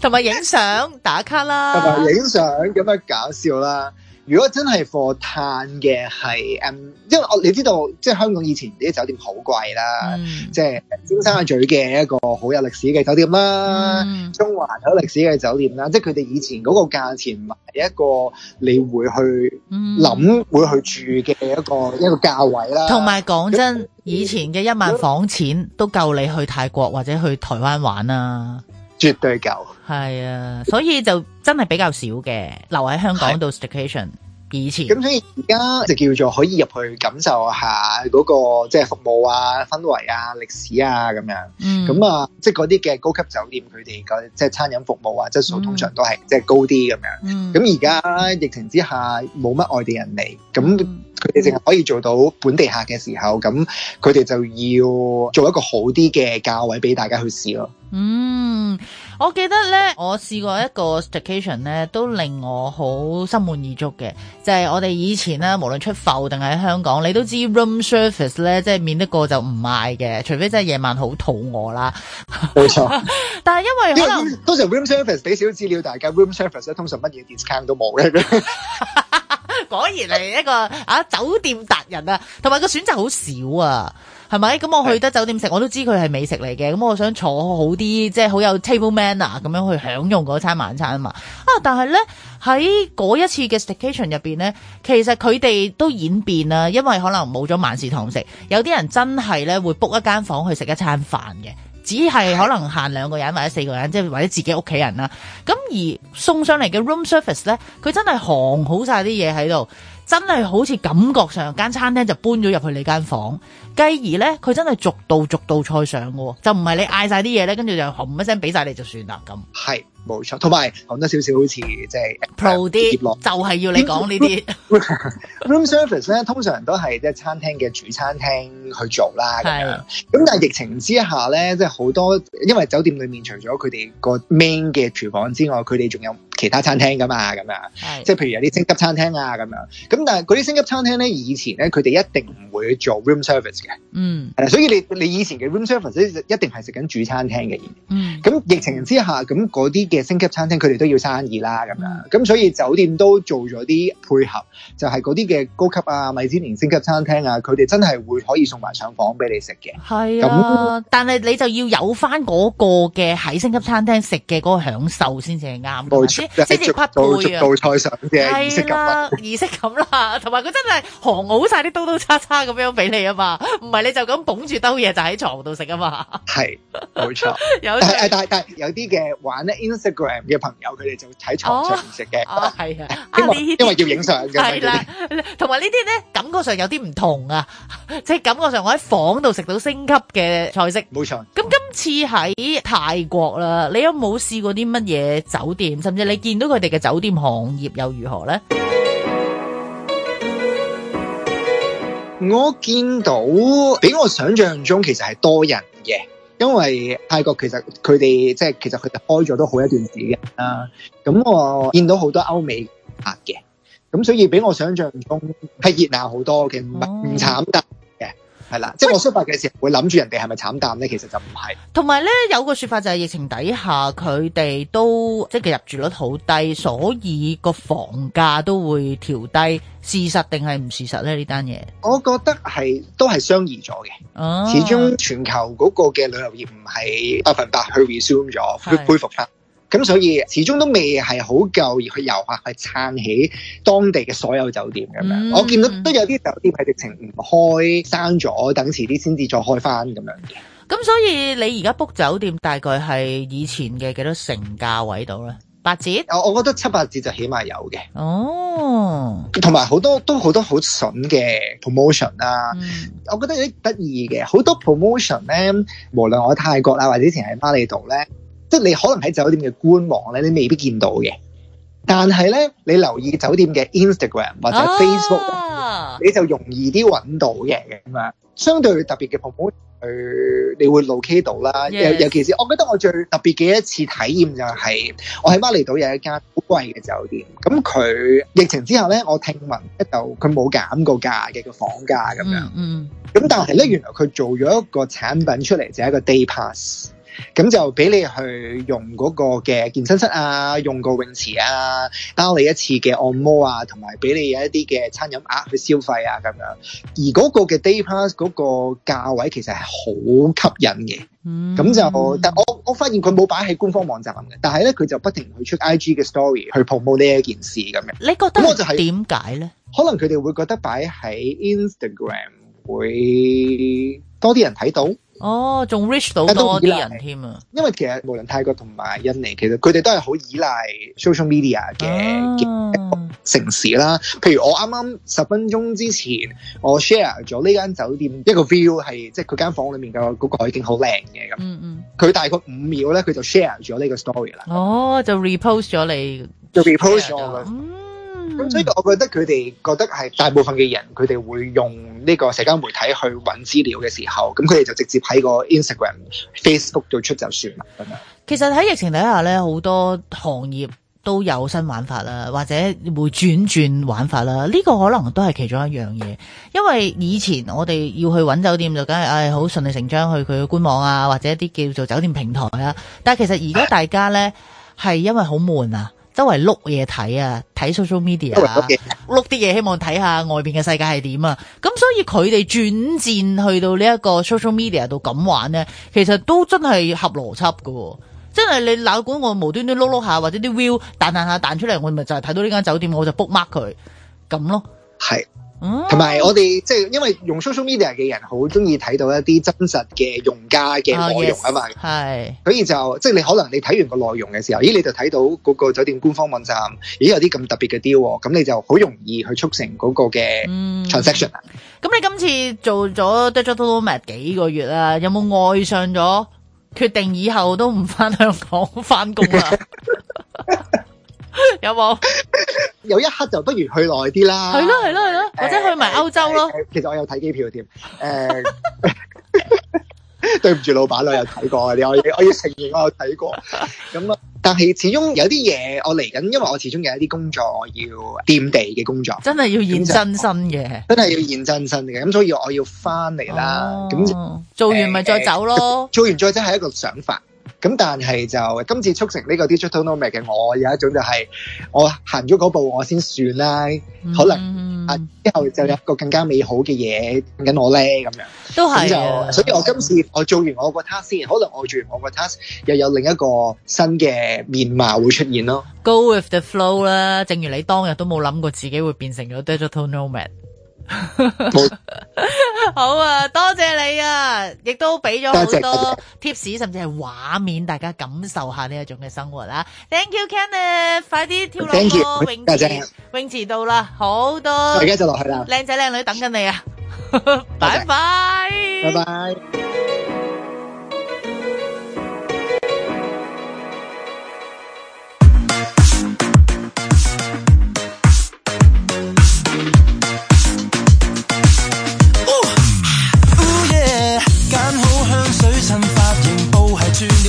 同埋影相打卡啦，同埋影相咁樣搞笑啦～如果真係貨 o 碳嘅係，嗯、um,，因為我你知道，即係香港以前啲酒店好貴啦，嗯、即係尖沙咀嘅一個好有歷史嘅酒店啦，嗯、中環有歷史嘅酒店啦，即係佢哋以前嗰個價錢，唔係一個你會去諗會去住嘅一個一個價位啦。同埋講真，就是、以前嘅一萬房錢都夠你去泰國或者去台灣玩啦、啊，絕對夠。係啊，所以就。真係比較少嘅留喺香港到 staycation 的以前，咁所以而家就叫做可以入去感受一下嗰、那個即係、就是、服務啊、氛圍啊、歷史啊咁樣。咁啊、嗯，即係嗰啲嘅高級酒店佢哋嘅即係餐飲服務啊質素通常都係、嗯、即係高啲咁樣。咁而家疫情之下冇乜外地人嚟，咁佢哋淨係可以做到本地客嘅時候，咁佢哋就要做一個好啲嘅價位俾大家去試咯。嗯。我記得咧，我試過一個 staycation 咧，都令我好心滿意足嘅。就係、是、我哋以前咧，無論出埠定喺香港，你都知 room service 咧，即係免得過就唔賣嘅，除非真係夜晚好肚餓啦。冇錯， 但係因為可能通 room, room service 俾少資料大家，room service 通常乜嘢 discount 都冇嘅。 果然係一個啊酒店達人啊，同埋個選擇好少啊。係咪咁？我去得酒店食，我都知佢係美食嚟嘅。咁我想坐好啲，即係好有 table manner 咁樣去享用嗰餐晚餐啊嘛。啊，但係呢，喺嗰一次嘅 staycation 入面呢，其實佢哋都演變啦，因為可能冇咗晚市堂食，有啲人真係呢會 book 一間房去食一餐飯嘅，只係可能限兩個人或者四個人，即係或者自己屋企人啦。咁而送上嚟嘅 room service 呢，佢真係行好晒啲嘢喺度，真係好似感覺上間餐廳就搬咗入去你間房。繼而咧，佢真係逐道逐道菜上嘅，就唔係你嗌晒啲嘢咧，跟住就冚一聲俾晒你就算啦咁係。冇錯，同埋講多少少好似即係 pro 啲的、嗯、就係要你講呢啲 room service 咧，通常都係即係餐廳嘅主餐廳去做啦。係咁的，但係疫情之下咧，即係好多因為酒店裡面除咗佢哋個 main 嘅廚房之外，佢哋仲有其他餐廳㗎嘛。咁樣即係的譬如有啲升級餐廳啊，咁樣。咁但係嗰啲升級餐廳咧，以前咧佢哋一定唔會做 room service 嘅。嗯，係所以你你以前嘅 room service 一定係食緊主餐廳嘅。嗯，咁疫情之下，咁嗰啲，嘅星級餐廳佢哋都要生意啦，咁樣咁、嗯、所以酒店都做咗啲配合，就係嗰啲嘅高級啊、米芝蓮星級餐廳啊，佢哋真係會可以送埋上房俾你食嘅。係啊，樣但係你就要有翻嗰個嘅喺星級餐廳食嘅嗰個享受先至係啱。錯才對住星級配套啊，對菜上嘅儀式感啦，儀式感啦，同埋佢真係行好晒啲刀刀叉叉咁樣俾你啊嘛，唔係你就咁捧住兜嘢就喺床度食啊嘛。係冇錯，錯 但但但有但但係有啲嘅玩咧 Instagram 嘅朋友，佢哋就喺床上面食嘅，係啊，因為因為要影相嘅，係啦，同埋呢啲咧，感覺上有啲唔同啊，即係感覺上我喺房度食到升級嘅菜式，冇錯。咁今次喺泰國啦，你有冇試過啲乜嘢酒店，甚至你見到佢哋嘅酒店行業又如何咧？我見到比我想象中其實係多人嘅。因為泰國其實佢哋即係其實佢哋開咗都好一段時間啦，啊，咁我見到好多歐美客嘅，咁所以比我想象中係熱鬧好多嘅，唔唔慘噶。係啦，即係我出發嘅時候，喂會諗住人哋係咪慘淡咧？其實就唔係。同埋咧，有個說法就係疫情底下佢哋都即係入住率好低，所以個房價都會調低。事實定係唔事實咧？呢單嘢，我覺得係都係相宜咗嘅。啊，始終全球嗰個嘅旅遊業唔係百分百去 resume 咗，去恢復翻。咁所以，始終都未係好夠，而佢遊客去撐起當地嘅所有酒店咁樣。嗯、我見到都有啲酒店係直情唔開，生咗，等遲啲先至再開翻咁樣。咁所以你而家 book 酒店大概係以前嘅幾多成價位度咧？八折？我我覺得七八折就起碼有嘅。哦，同埋好多都好多好筍嘅 promotion 啦、啊。嗯、我覺得有啲得意嘅，好多 promotion 咧，無論我喺泰國啊，或者以前喺巴厘島咧。即係你可能喺酒店嘅官網咧，你未必見到嘅。但係咧，你留意酒店嘅 Instagram 或者 Facebook，、啊、你就容易啲揾到嘅咁啊。相對特別嘅 promo 佢你會 locate 喺到啦。尤 Yes. 尤其是，我覺得我最特別嘅一次體驗就係我喺馬尼島有一間好貴嘅酒店。咁、嗯、佢、嗯、疫情之後咧，我聽聞一度佢冇減過價嘅個房價咁樣嗯。嗯。咁但係咧，原來佢做咗一個產品出嚟，就係、是、一個 day pass。咁就俾你去用嗰個嘅健身室啊，用個泳池啊，包你一次嘅按摩啊，同埋俾你有一啲嘅餐飲額去消費啊，咁樣。而嗰個嘅 day pass 嗰個價位其實係好吸引嘅。咁、嗯、就，但我我發現佢冇擺喺官方網站嘅，但係咧佢就不停去出 I G 嘅 story 去 promote 呢一件事咁樣。你覺得點解咧？呢可能佢哋會覺得擺喺 Instagram 會多啲人睇到。哦，仲 reach 到多啲人添啊！因為其實無論泰國同埋印尼，其實佢哋都係好依賴 social media 嘅城市啦。啊、譬如，我啱啱十分鐘之前，我 share 咗呢間酒店一個 view 係，即係佢間房裏面嘅嗰個海景好靚嘅咁。嗯嗯，佢大概五秒咧，佢就 share 咗呢個 story 啦。哦，就 repost 咗你，就 repost 咗佢。嗯咁、嗯、所以，我覺得佢哋覺得係大部分嘅人，佢哋會用呢個社交媒體去揾資料嘅時候，咁佢哋就直接喺個 Instagram、Facebook 度出就算啦。其實喺疫情底下咧，好多行業都有新玩法啦，或者會轉轉玩法啦。呢、這個可能都係其中一樣嘢，因為以前我哋要去揾酒店就梗係誒好順理成章去佢嘅官網啊，或者一啲叫做酒店平台啊。但係其實而家大家咧係、啊、因為好悶啊。周圍碌嘢睇啊，睇 social media 啊，碌啲嘢希望睇下外邊嘅世界係點啊，咁所以佢哋轉戰去到呢一個 social media 度咁玩咧，其實都真係合邏輯噶，真係你嗱，管我無端端碌碌下或者啲 view 彈彈下彈出嚟，我咪就係睇到呢間酒店我就 book mark 佢咁咯，係。同埋、哦、我哋即係因為用 social media 嘅人好中意睇到一啲真實嘅用家嘅內容啊嘛，係、哦，yes, 所以就即係、就是、你可能你睇完個內容嘅時候，咦，你就睇到嗰個酒店官方網站，咦，有啲咁特別嘅 deal，咁你就好容易去促成嗰個嘅 transaction。咁、嗯、你今次做咗 digital nomad 幾個月啦，有冇愛上咗，決定以後都唔返香港返工啦？ 有冇？ 有一刻就不如去耐啲啦。係咯係咯係咯，或者去埋歐洲咯、欸欸。其實我有睇機票添。誒、欸， 對唔住老闆，我有睇過，你我 我要承認我，我有睇過。咁、嗯、啊，但係始終有啲嘢我嚟緊，因為我始終有一啲工作我要墊地嘅工作，真係要現真身嘅、嗯，真係要現真身嘅。咁所以我要翻嚟啦。咁、啊、就做完咪再走咯。做完再即係一個想法。嗯咁但係就今次促成呢個 digital nomad 嘅，我有一種就係、是，我行咗嗰步我先算啦，嗯、可能啊之後就有一個更加美好嘅嘢等緊我咧咁樣，都係、啊，所以我今次我做完我個 task 先，可能我做完我個 task 又有另一個新嘅面貌會出現咯，go with the flow 啦，正如你當日都冇諗過自己會變成咗 digital nomad。 好啊，多謝，謝你啊，亦都俾咗好多 tips，甚至係畫面，大家感受下呢一種嘅生活啦、啊。Thank you，Kenneth，Thank you. 快啲跳落泳池泳池到啦，好多而家就落去啦，靚仔靚女等緊你啊， 拜拜，拜拜。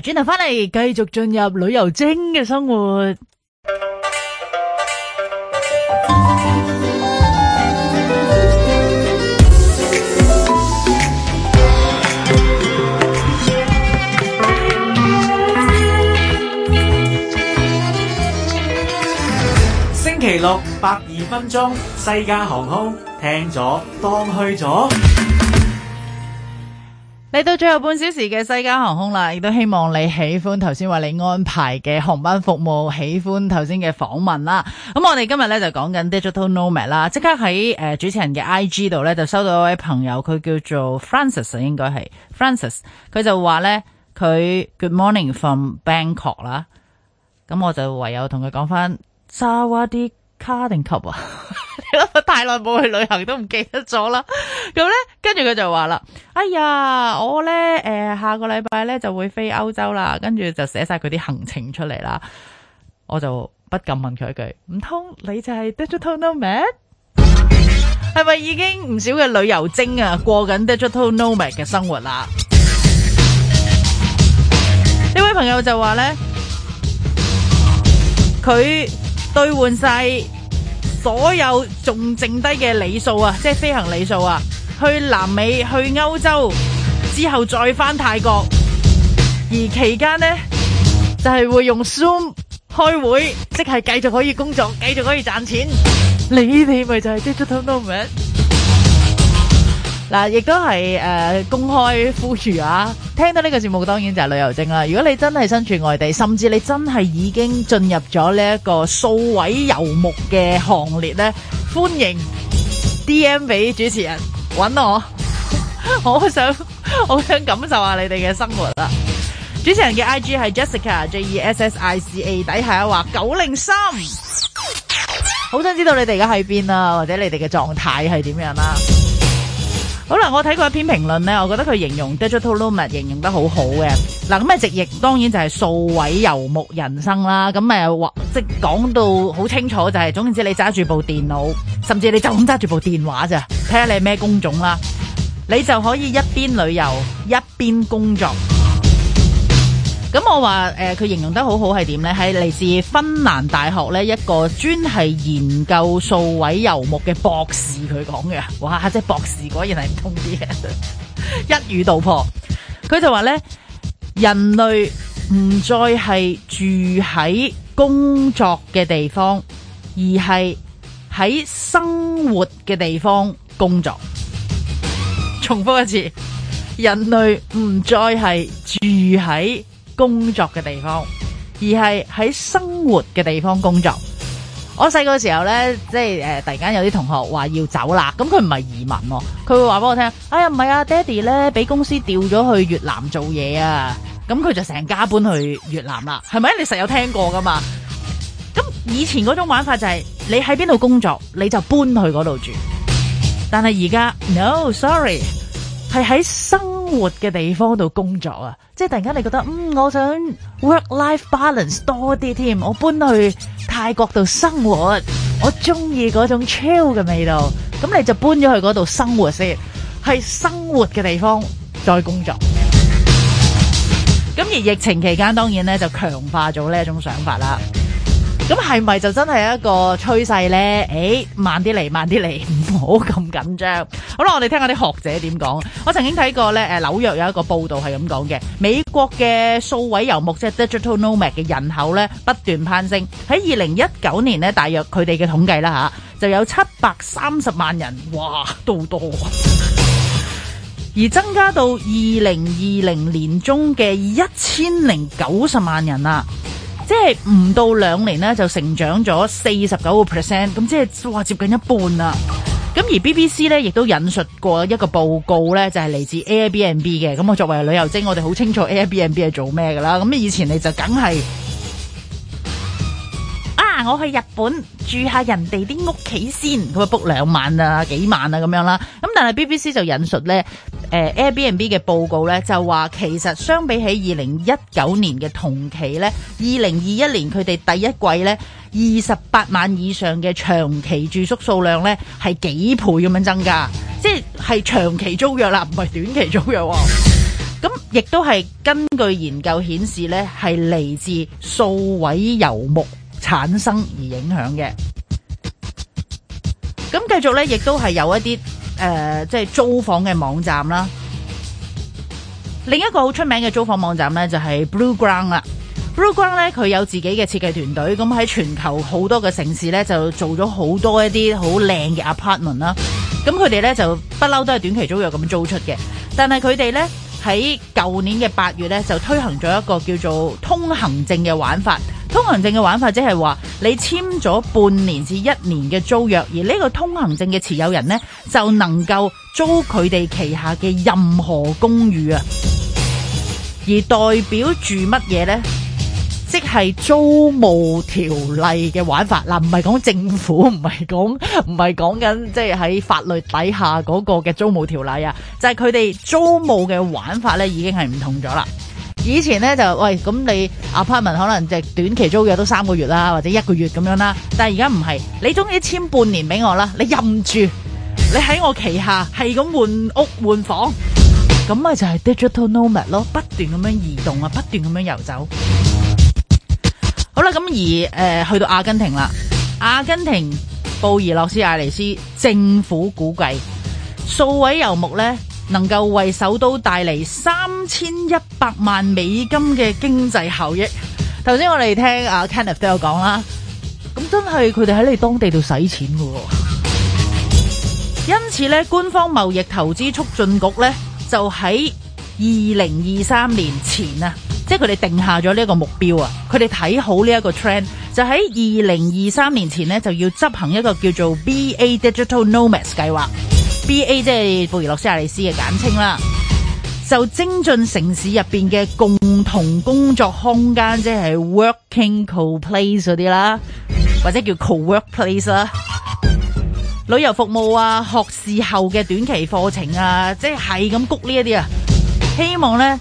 轉頭翻嚟，繼續進入旅遊精嘅生活。星期六，八二分鐘，西加航空聽咗當去咗。嚟到最後半小時嘅西加航空啦，亦都希望你喜歡頭先為你安排嘅航班服務，喜歡頭先嘅訪問啦。咁、嗯、我哋今日咧就講緊 digital nomad 啦，即刻喺、呃、主持人嘅 IG 度咧就收到一位朋友，佢叫做 Francis，應該係 Francis，佢就話咧佢 Good morning from Bangkok 啦，咁我就唯有同佢講翻卡定級啊！ 你諗太耐冇去旅行都唔記得咗啦。咁 咧，跟住佢就話啦：，哎呀，我咧，誒、呃，下個禮拜咧就會飛歐洲啦。跟住就寫晒佢啲行程出嚟啦。我就不禁問佢一句：，唔通你就係 digital nomad？係咪 已經唔少嘅旅遊精啊？過緊 digital nomad 嘅生活啦。呢 位朋友就話咧，佢兌換晒。所有仲剩低嘅里數啊，即係飛行里數啊，去南美、去歐洲之後再返泰國，而期間咧就係會用 Zoom 開會，即係繼續可以工作，繼續可以賺錢。你哋咪就係 digital nomad 嗱，亦都係誒公開呼籲啊！聽到呢個節目，當然就係旅遊證啦。如果你真係身處外地，甚至你真係已經進入咗呢一個數位游牧嘅行列咧，歡迎 D M 俾主持人搵我。 我想，我想感受下你哋嘅生活啦。主持人嘅 I G 係 Jessica J E S S I C A，底下話九零三，好想知道你哋而家喺邊啊，或者你哋嘅狀態係點樣啦。好啦，我睇過一篇評論咧，我覺得佢形容 digital nomad 形容得好好嘅。嗱，咁啊直譯當然就係數位游牧人生啦。咁啊、呃，即係講到好清楚就係、是，總之你揸住部電腦，甚至你就咁揸住部電話咋，睇下你係咩工種啦，你就可以一邊旅遊一邊工作。咁我話誒，佢、呃、形容得好好係點咧？係嚟自芬蘭大學咧一個專係研究數位游牧嘅博士，佢講嘅，哇！即係博士果然係唔同啲， 一語道破。佢就話咧，人類唔再係住喺工作嘅地方，而係喺生活嘅地方工作。重複一次，人類唔再係住喺。工作嘅地方，而係喺生活嘅地方工作。我細個時候咧，即係誒，突然間有啲同學話要走啦，咁佢唔係移民喎，佢會話俾我聽，哎呀唔係啊，爹哋咧俾公司調咗去越南做嘢啊，咁佢就成家搬去越南啦，係咪？你實有聽過噶嘛？咁以前嗰種玩法就係、是、你喺邊度工作，你就搬去嗰度住。但係而家，no sorry，係喺生。生活嘅地方度工作啊，即係突然間你覺得嗯，我想 work-life balance 多啲添，我搬去泰國度生活，我中意嗰種 chill 嘅味道，咁你就搬咗去嗰度生活先，喺生活嘅地方再工作。咁而疫情期間，當然咧就強化咗呢一種想法啦。咁係咪就真係一個趨勢呢？誒、欸，慢啲嚟，慢啲嚟，唔好咁緊張。好啦，我哋聽下啲學者點講。我曾經睇過咧，誒，紐約有一個報道係咁講嘅，美國嘅數位游牧即係 digital nomad 嘅人口咧不斷攀升。喺二零一九年呢，大約佢哋嘅統計啦吓，就有七百三十萬人，哇，到多，多。 而增加到二零二零年中嘅一千零九十萬人啦。即係唔到兩年咧就成長咗四十九個 percent，咁即係話接近一半啦。咁而 BBC 咧亦都引述過一個報告咧，就係嚟自 Airbnb 嘅。咁我作為旅遊精，我哋好清楚 Airbnb 係做咩㗎啦。咁以前你就梗係啊，我去日本住下人哋啲屋企先，佢 book 兩萬啊幾萬啊咁樣啦。咁但係 BBC 就引述咧。誒 Airbnb 嘅報告咧，就話其實相比起二零一九年嘅同期咧，二零二一年佢哋第一季咧二十八萬以上嘅長期住宿數量咧，係幾倍咁樣增加，即係長期租約啦，唔係短期租約。咁亦都係根據研究顯示咧，係嚟自數位遊牧產生而影響嘅。咁繼續咧，亦都係有一啲。誒、呃，即係租房嘅網站啦。另一個好出名嘅租房網站呢，就係 Blueground 啦。Blueground 呢，佢有自己嘅設計團隊，咁喺全球好多嘅城市呢，就做咗好多一啲好靚嘅 apartment 啦。咁佢哋呢，就不嬲都係短期租約咁租出嘅。但係佢哋呢，喺舊年嘅八月呢，就推行咗一個叫做通行證嘅玩法。通行證嘅玩法即係話，你簽咗半年至一年嘅租約，而呢個通行證嘅持有人呢，就能夠租佢哋旗下嘅任何公寓啊。而代表住乜嘢呢？即係租務條例嘅玩法嗱，唔係講政府，唔係講唔係講緊即係喺法律底下嗰個嘅租務條例啊，就係佢哋租務嘅玩法呢，已經係唔同咗啦。以前咧就喂，咁你 apartment 可能就係短期租嘅，都三個月啦，或者一個月咁樣啦。但係而家唔係，你終於簽半年俾我啦，你任住，你喺我旗下係咁換屋換房，咁咪就係 digital nomad 咯，不斷咁樣移動啊，不斷咁樣游走。好啦，咁而誒、呃、去到阿根廷啦，阿根廷布宜諾斯艾利斯政府，估計數位游牧咧，能夠為首都帶嚟三千一百萬美金嘅經濟效益。頭先我哋聽阿 Kenneth 都有講啦，咁真係佢哋喺你當地度使錢嘅。 因此咧，官方貿易投資促進局咧就喺二零二三年前啊，即係佢哋定下咗呢一個目標啊。佢哋睇好呢一個 trend，就喺二零二三年前咧就要執行一個叫做 BA Digital Nomads 計劃。B A 即係布宜諾斯艾利斯嘅簡稱啦，就精進城市入邊嘅共同工作空間，即係 working co place 嗰啲啦，或者叫 co workplace 啦，旅遊服務啊，學士後嘅短期課程啊，即係係咁谷呢一啲啊，希望咧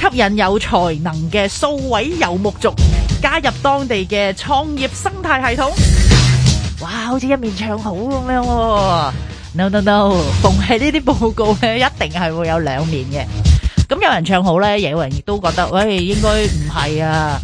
吸引有才能嘅數位游牧族加入當地嘅創業生態系統。哇，好似一面唱好咁樣。no no no，逢係呢啲報告咧，一定係會有兩面嘅。咁有人唱好咧，亦有人亦都覺得，喂，應該唔係啊。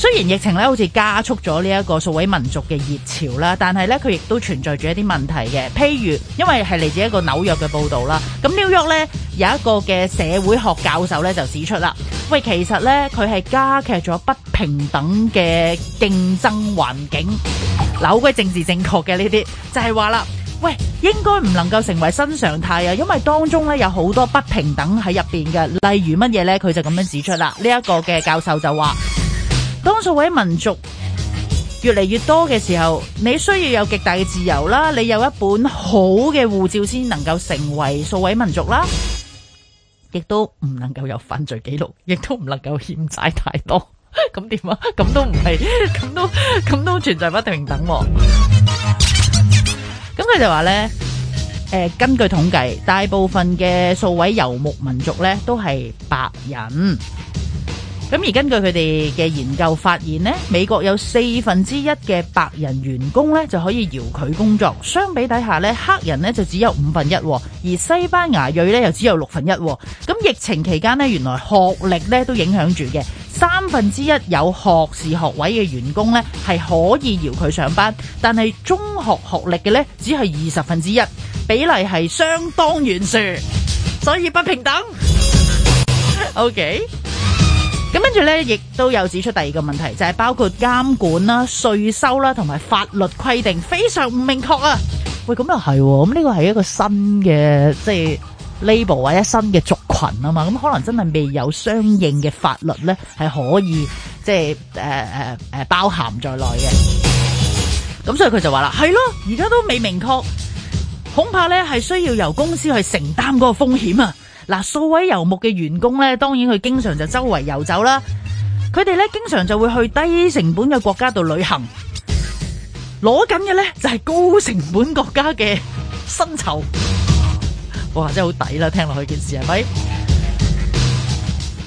雖然疫情咧好似加速咗呢一個數位民族嘅熱潮啦，但係咧佢亦都存在住一啲問題嘅。譬如因為係嚟自一個紐約嘅報道啦，咁紐約呢有一個嘅社會學教授咧就指出啦，喂，其實呢，佢係加劇咗不平等嘅競爭環境。扭鬼政治正確嘅呢啲就係話啦，喂，應該唔能夠成為新常態啊，因為當中呢有好多不平等喺入邊嘅。例如乜嘢呢？佢就咁樣指出啦。呢一個嘅教授就話。當數位民族越嚟越多嘅時候，你需要有極大嘅自由啦，你有一本好嘅護照先能夠成為數位民族啦，亦都唔能夠有犯罪記錄，亦都唔能夠欠債太多，咁 點啊？咁都唔係，咁都咁都存在不平等啊。咁佢就話呢，呃，根據統計，大部分嘅數位游牧民族呢都係白人。咁而根據佢哋嘅研究發現呢美國有四分之一嘅白人員工呢就可以遙距工作，相比底下呢黑人呢就只有五分一，而西班牙裔呢又只有六分一。咁疫情期間呢，原來學歷呢都影響住嘅，三分之一有學士學位嘅員工呢係可以遙距上班，但係中學學歷嘅呢只係二十分之一，比例係相當懸殊，所以不平等。OK。咁跟住咧，亦都有指出第二個問題，就係、是、包括監管啦、稅收啦，同埋法律規定非常唔明確啊！喂，咁又係喎，咁、這、呢個係一個新嘅即係 label 或者新嘅族群啊嘛，咁可能真係未有相應嘅法律咧，係可以即係誒誒誒包含在內嘅。咁、嗯、所以佢就話啦，係咯，而家都未明確，恐怕咧係需要由公司去承擔嗰個風險啊！嗱，數位游牧嘅員工咧，當然佢經常就周圍游走啦。佢哋咧經常就會去低成本嘅國家度旅行，攞緊嘅咧就係高成本國家嘅薪酬。哇，真係好抵啦！聽落去件事係咪？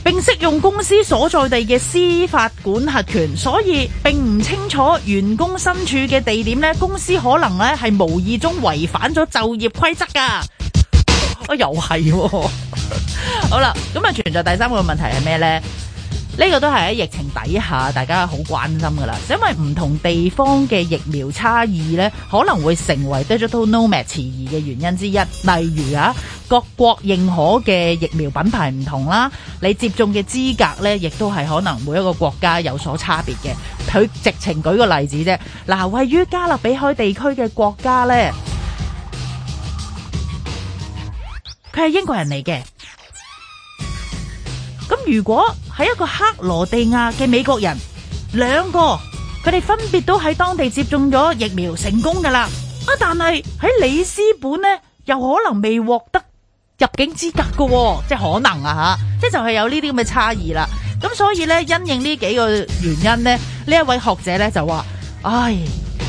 並適用公司所在地嘅司法管轄權，所以並唔清楚員工身處嘅地點咧，公司可能咧係無意中違反咗就業規則㗎。啊，又係喎。好啦，咁啊存在第三個問題係咩咧？呢個都係喺疫情底下，大家好關心噶啦，因為唔同地方嘅疫苗差異咧，可能會成為 digital nomads 遲疑嘅原因之一。例如啊，各國認可嘅疫苗品牌唔同啦，你接種嘅資格咧，亦都係可能每一個國家有所差別嘅。佢直情舉個例子啫。嗱、啊，位於加勒比海地區嘅國家咧，佢係英國人嚟嘅。如果係一個克羅地亞嘅美國人，兩個佢哋分別都喺當地接種咗疫苗成功噶啦，啊！但係喺里斯本呢，又可能未獲得入境資格噶哦，即係可能啊吓，即就係有呢啲咁嘅差異啦。咁所以呢，因應呢幾個原因呢，呢一位學者呢就話：，唉，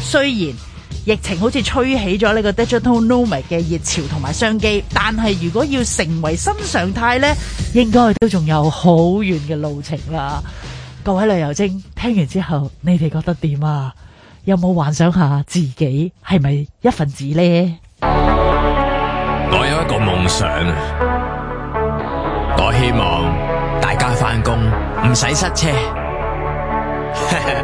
雖然。疫情好似吹起咗呢個 digital nomad 嘅熱潮同埋商機，但係如果要成為新常態呢，應該都仲有好遠嘅路程啦。各位旅遊精，聽完之後你哋覺得點啊？有冇幻想下自己係咪一份子呢？我有一個夢想，我希望大家翻工唔使塞車。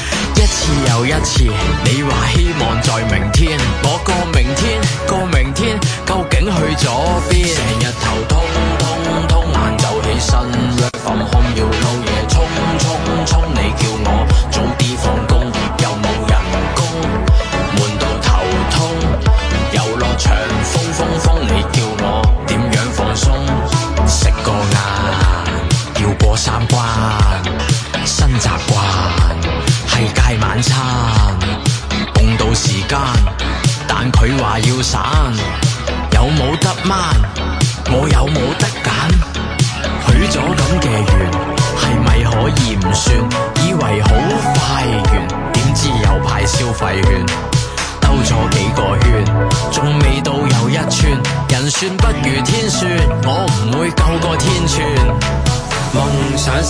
一次又一次，你話希望在明天，我個明天個明天究竟去咗邊？成日頭痛痛痛，晏晝起身，約飯空要到夜，冲冲衝，你叫我早啲放工又冇人工，悶到頭痛，遊樂場風風風，你叫我點樣放鬆？食個晏，要過三關，新習慣。去街晚餐共度時間，但佢話要散，有冇得掹？我有冇得揀？許咗咁嘅願。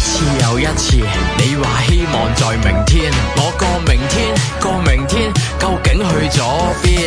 一次又一次，你話希望在明天，我個明天個明天，究竟去咗邊？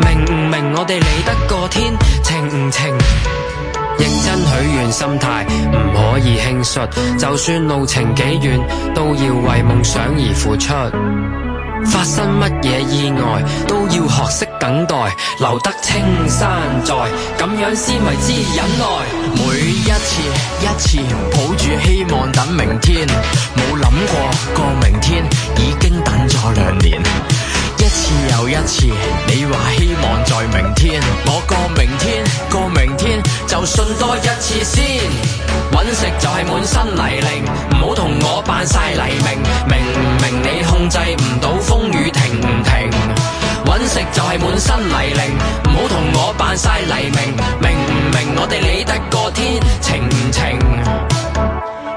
明唔明？我哋理得個天，晴唔晴？認真許願，心態唔可以輕率。就算路程幾遠，都要為夢想而付出。發生乜嘢意外，都要學識等待，留得青山在，咁樣先為之忍耐。每一次，一次抱住希望等明天，冇諗過個明天，已經等咗兩年。一次又一次，你話希望在明天，我個明天，個明天就信多一次先。揾食就係滿身泥濘，唔好同我扮晒黎明，明唔明？你控制唔到風雨停唔停？揾食就係滿身泥濘，唔好同我扮晒黎明，明唔明？我哋理得個天，晴唔晴？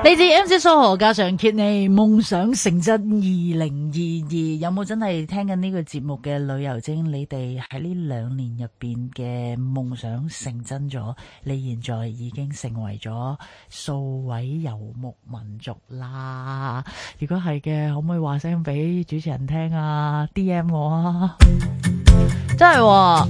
你哋 M C 蘇荷加上揭揭你，夢想成真二零二二有冇真係聽緊呢個節目嘅旅遊精？你哋喺呢兩年入邊嘅夢想成真咗？你現在已經成為咗數位游牧民族啦？如果係嘅，可唔可以話聲俾主持人聽啊？D M 我啊，真係。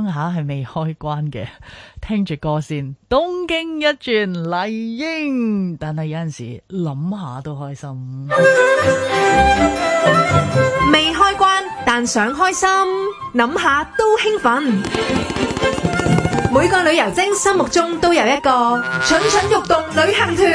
鄉下係未開關嘅，聽住歌先。東京一轉麗英，但係有陣時諗下都開心。未開關，但想開心，諗下都興奮。每個旅遊精心目中都有一個蠢蠢欲動旅行團，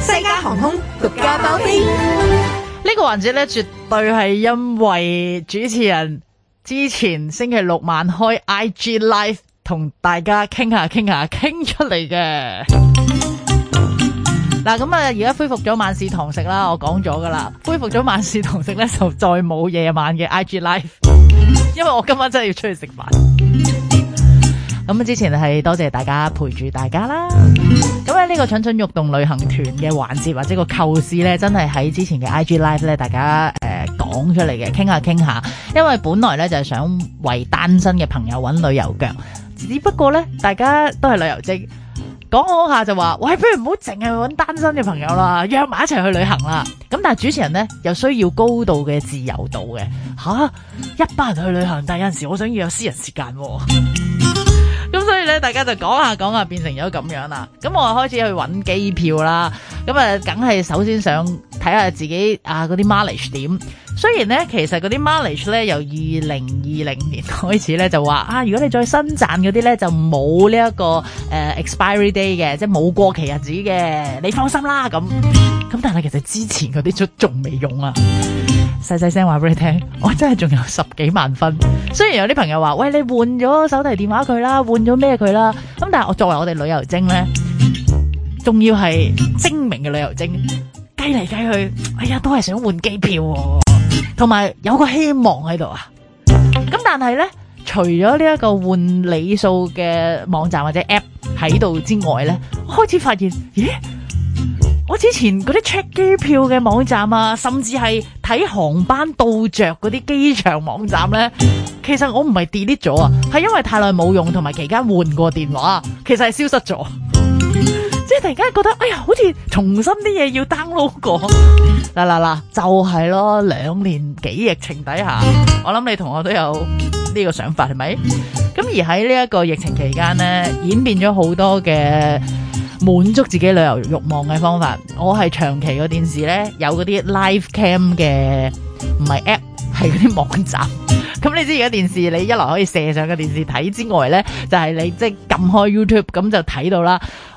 西加航空獨家包飛。呢個環節咧，絕對係因為主持人之前星期六晚開 I G Live 同大家傾下傾下傾出嚟嘅。嗱，咁 啊樂，而家恢復咗晚市堂食啦，我講咗噶啦，恢復咗晚市堂食呢，就再冇夜晚嘅 I G Live，因為我今晚真係要出去食飯。咁之前係多謝大家陪住大家啦。咁咧呢個蠢蠢欲動旅行團嘅環節或者個構思呢，真係喺之前嘅 I G Live 咧，大家誒講、呃、出嚟嘅，傾下傾下。因為本來呢，就係、是、想為單身嘅朋友揾旅遊腳，只不過呢，大家都係旅遊精，講好下就話，喂，不如唔好淨係揾單身嘅朋友啦，約埋一齊去旅行啦。咁但係主持人呢，又需要高度嘅自由度嘅，吓一班人去旅行，但係有陣時我想要有私人時間、啊。所以咧，大家就講下講下，變成咗咁樣啦。咁、嗯、我開始去揾機票啦。咁、嗯、啊，梗係首先想睇下自己啊嗰啲 mileage 點。雖然咧，其實嗰啲 mileage 咧由二零二零年開始咧就話啊，如果你再新賺嗰啲咧就冇呢一個誒、uh, expiry day 嘅，即係冇過期日子嘅，你放心啦。咁咁，但係其實之前嗰啲出仲未用啊。細細聲話俾你聽，我真係仲有十幾萬分。雖然有啲朋友話喂，你換咗手提電話佢啦，換咗咩佢啦，咁但係我作為我哋旅遊精咧，仲要係精明嘅旅遊精，計嚟計去，哎呀，都係想換機票啊。同埋有個希望喺度啊，咁但係咧，除咗呢一個換理數嘅網站或者 app 喺度之外咧，我開始發現，咦，我之前嗰啲 check 機票嘅網站啊，甚至係睇航班到着嗰啲機場網站咧，其實我唔係 delete 咗啊，係因為太耐冇用，同埋期間換過電話，其實係消失咗。即係突然間覺得，哎呀，好似重新啲嘢要 download 過嗱嗱嗱，就係、是、咯。兩年幾疫情底下，我諗你同我都有呢個想法，係咪？咁而喺呢一個疫情期間呢，演變咗好多嘅滿足自己旅遊慾望嘅方法。我係長期個電視呢，有嗰啲 live cam 嘅，唔係 app，係嗰啲網站。咁你知而家電視你一來可以射上個電視睇之外呢，就係、是、你即係撳開 YouTube 咁就睇到啦。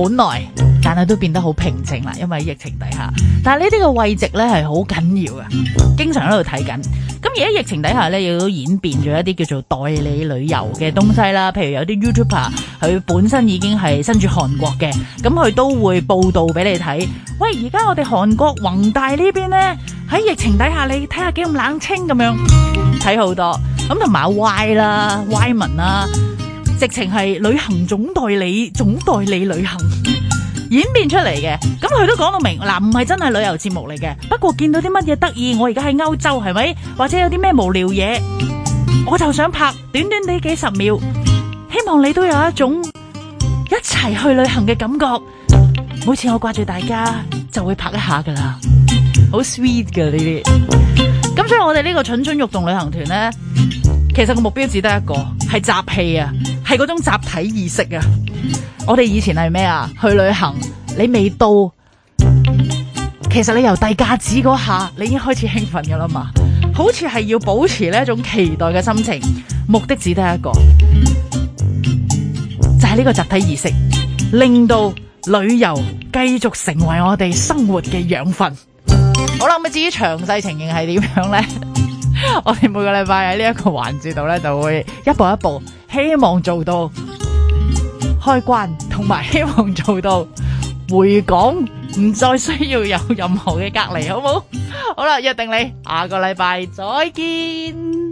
本來，但係都變得好平靜啦，因為疫情底下。但係呢啲嘅位置呢係好緊要嘅，經常喺度睇緊。咁而家疫情底下呢，亦都演變咗一啲叫做代理旅遊嘅東西啦。譬如有啲 YouTuber，佢本身已經係身住韓國嘅，咁佢都會報道俾你睇。喂，而家我哋韓國弘大呢邊呢，喺疫情底下，你睇下幾咁冷清咁樣，睇好多咁就買 Y 啦，Y 文啦，啊。直情係旅行總代理，總代理旅行演變出嚟嘅，咁佢都講到明，嗱，唔係真係旅遊節目嚟嘅，不過見到啲乜嘢得意，我而家喺歐洲係咪，或者有啲咩無聊嘢，我就想拍短短地幾十秒，希望你都有一種一齊去旅行嘅感覺，每次我掛住大家就會拍一下噶啦，好 sweet 噶呢啲，咁所以我哋呢個蠢蠢欲動旅行團咧。其實個目標只得一個，係集氣啊，係嗰種集體意識啊。我哋以前係咩啊？去旅行，你未到，其實你由遞架子嗰下，你已經開始興奮噶啦嘛。好似係要保持呢一種期待嘅心情。目的只得一個，就係呢個集體意識，令到旅遊繼續成為我哋生活嘅養分。好啦，咁至於詳細情形係點樣咧？我哋每個禮拜喺呢一個環節度咧，就會一步一步，希望做到開關，同埋希望做到回港唔再需要有任何嘅隔離，好唔好？好啦，約定你下個禮拜再見。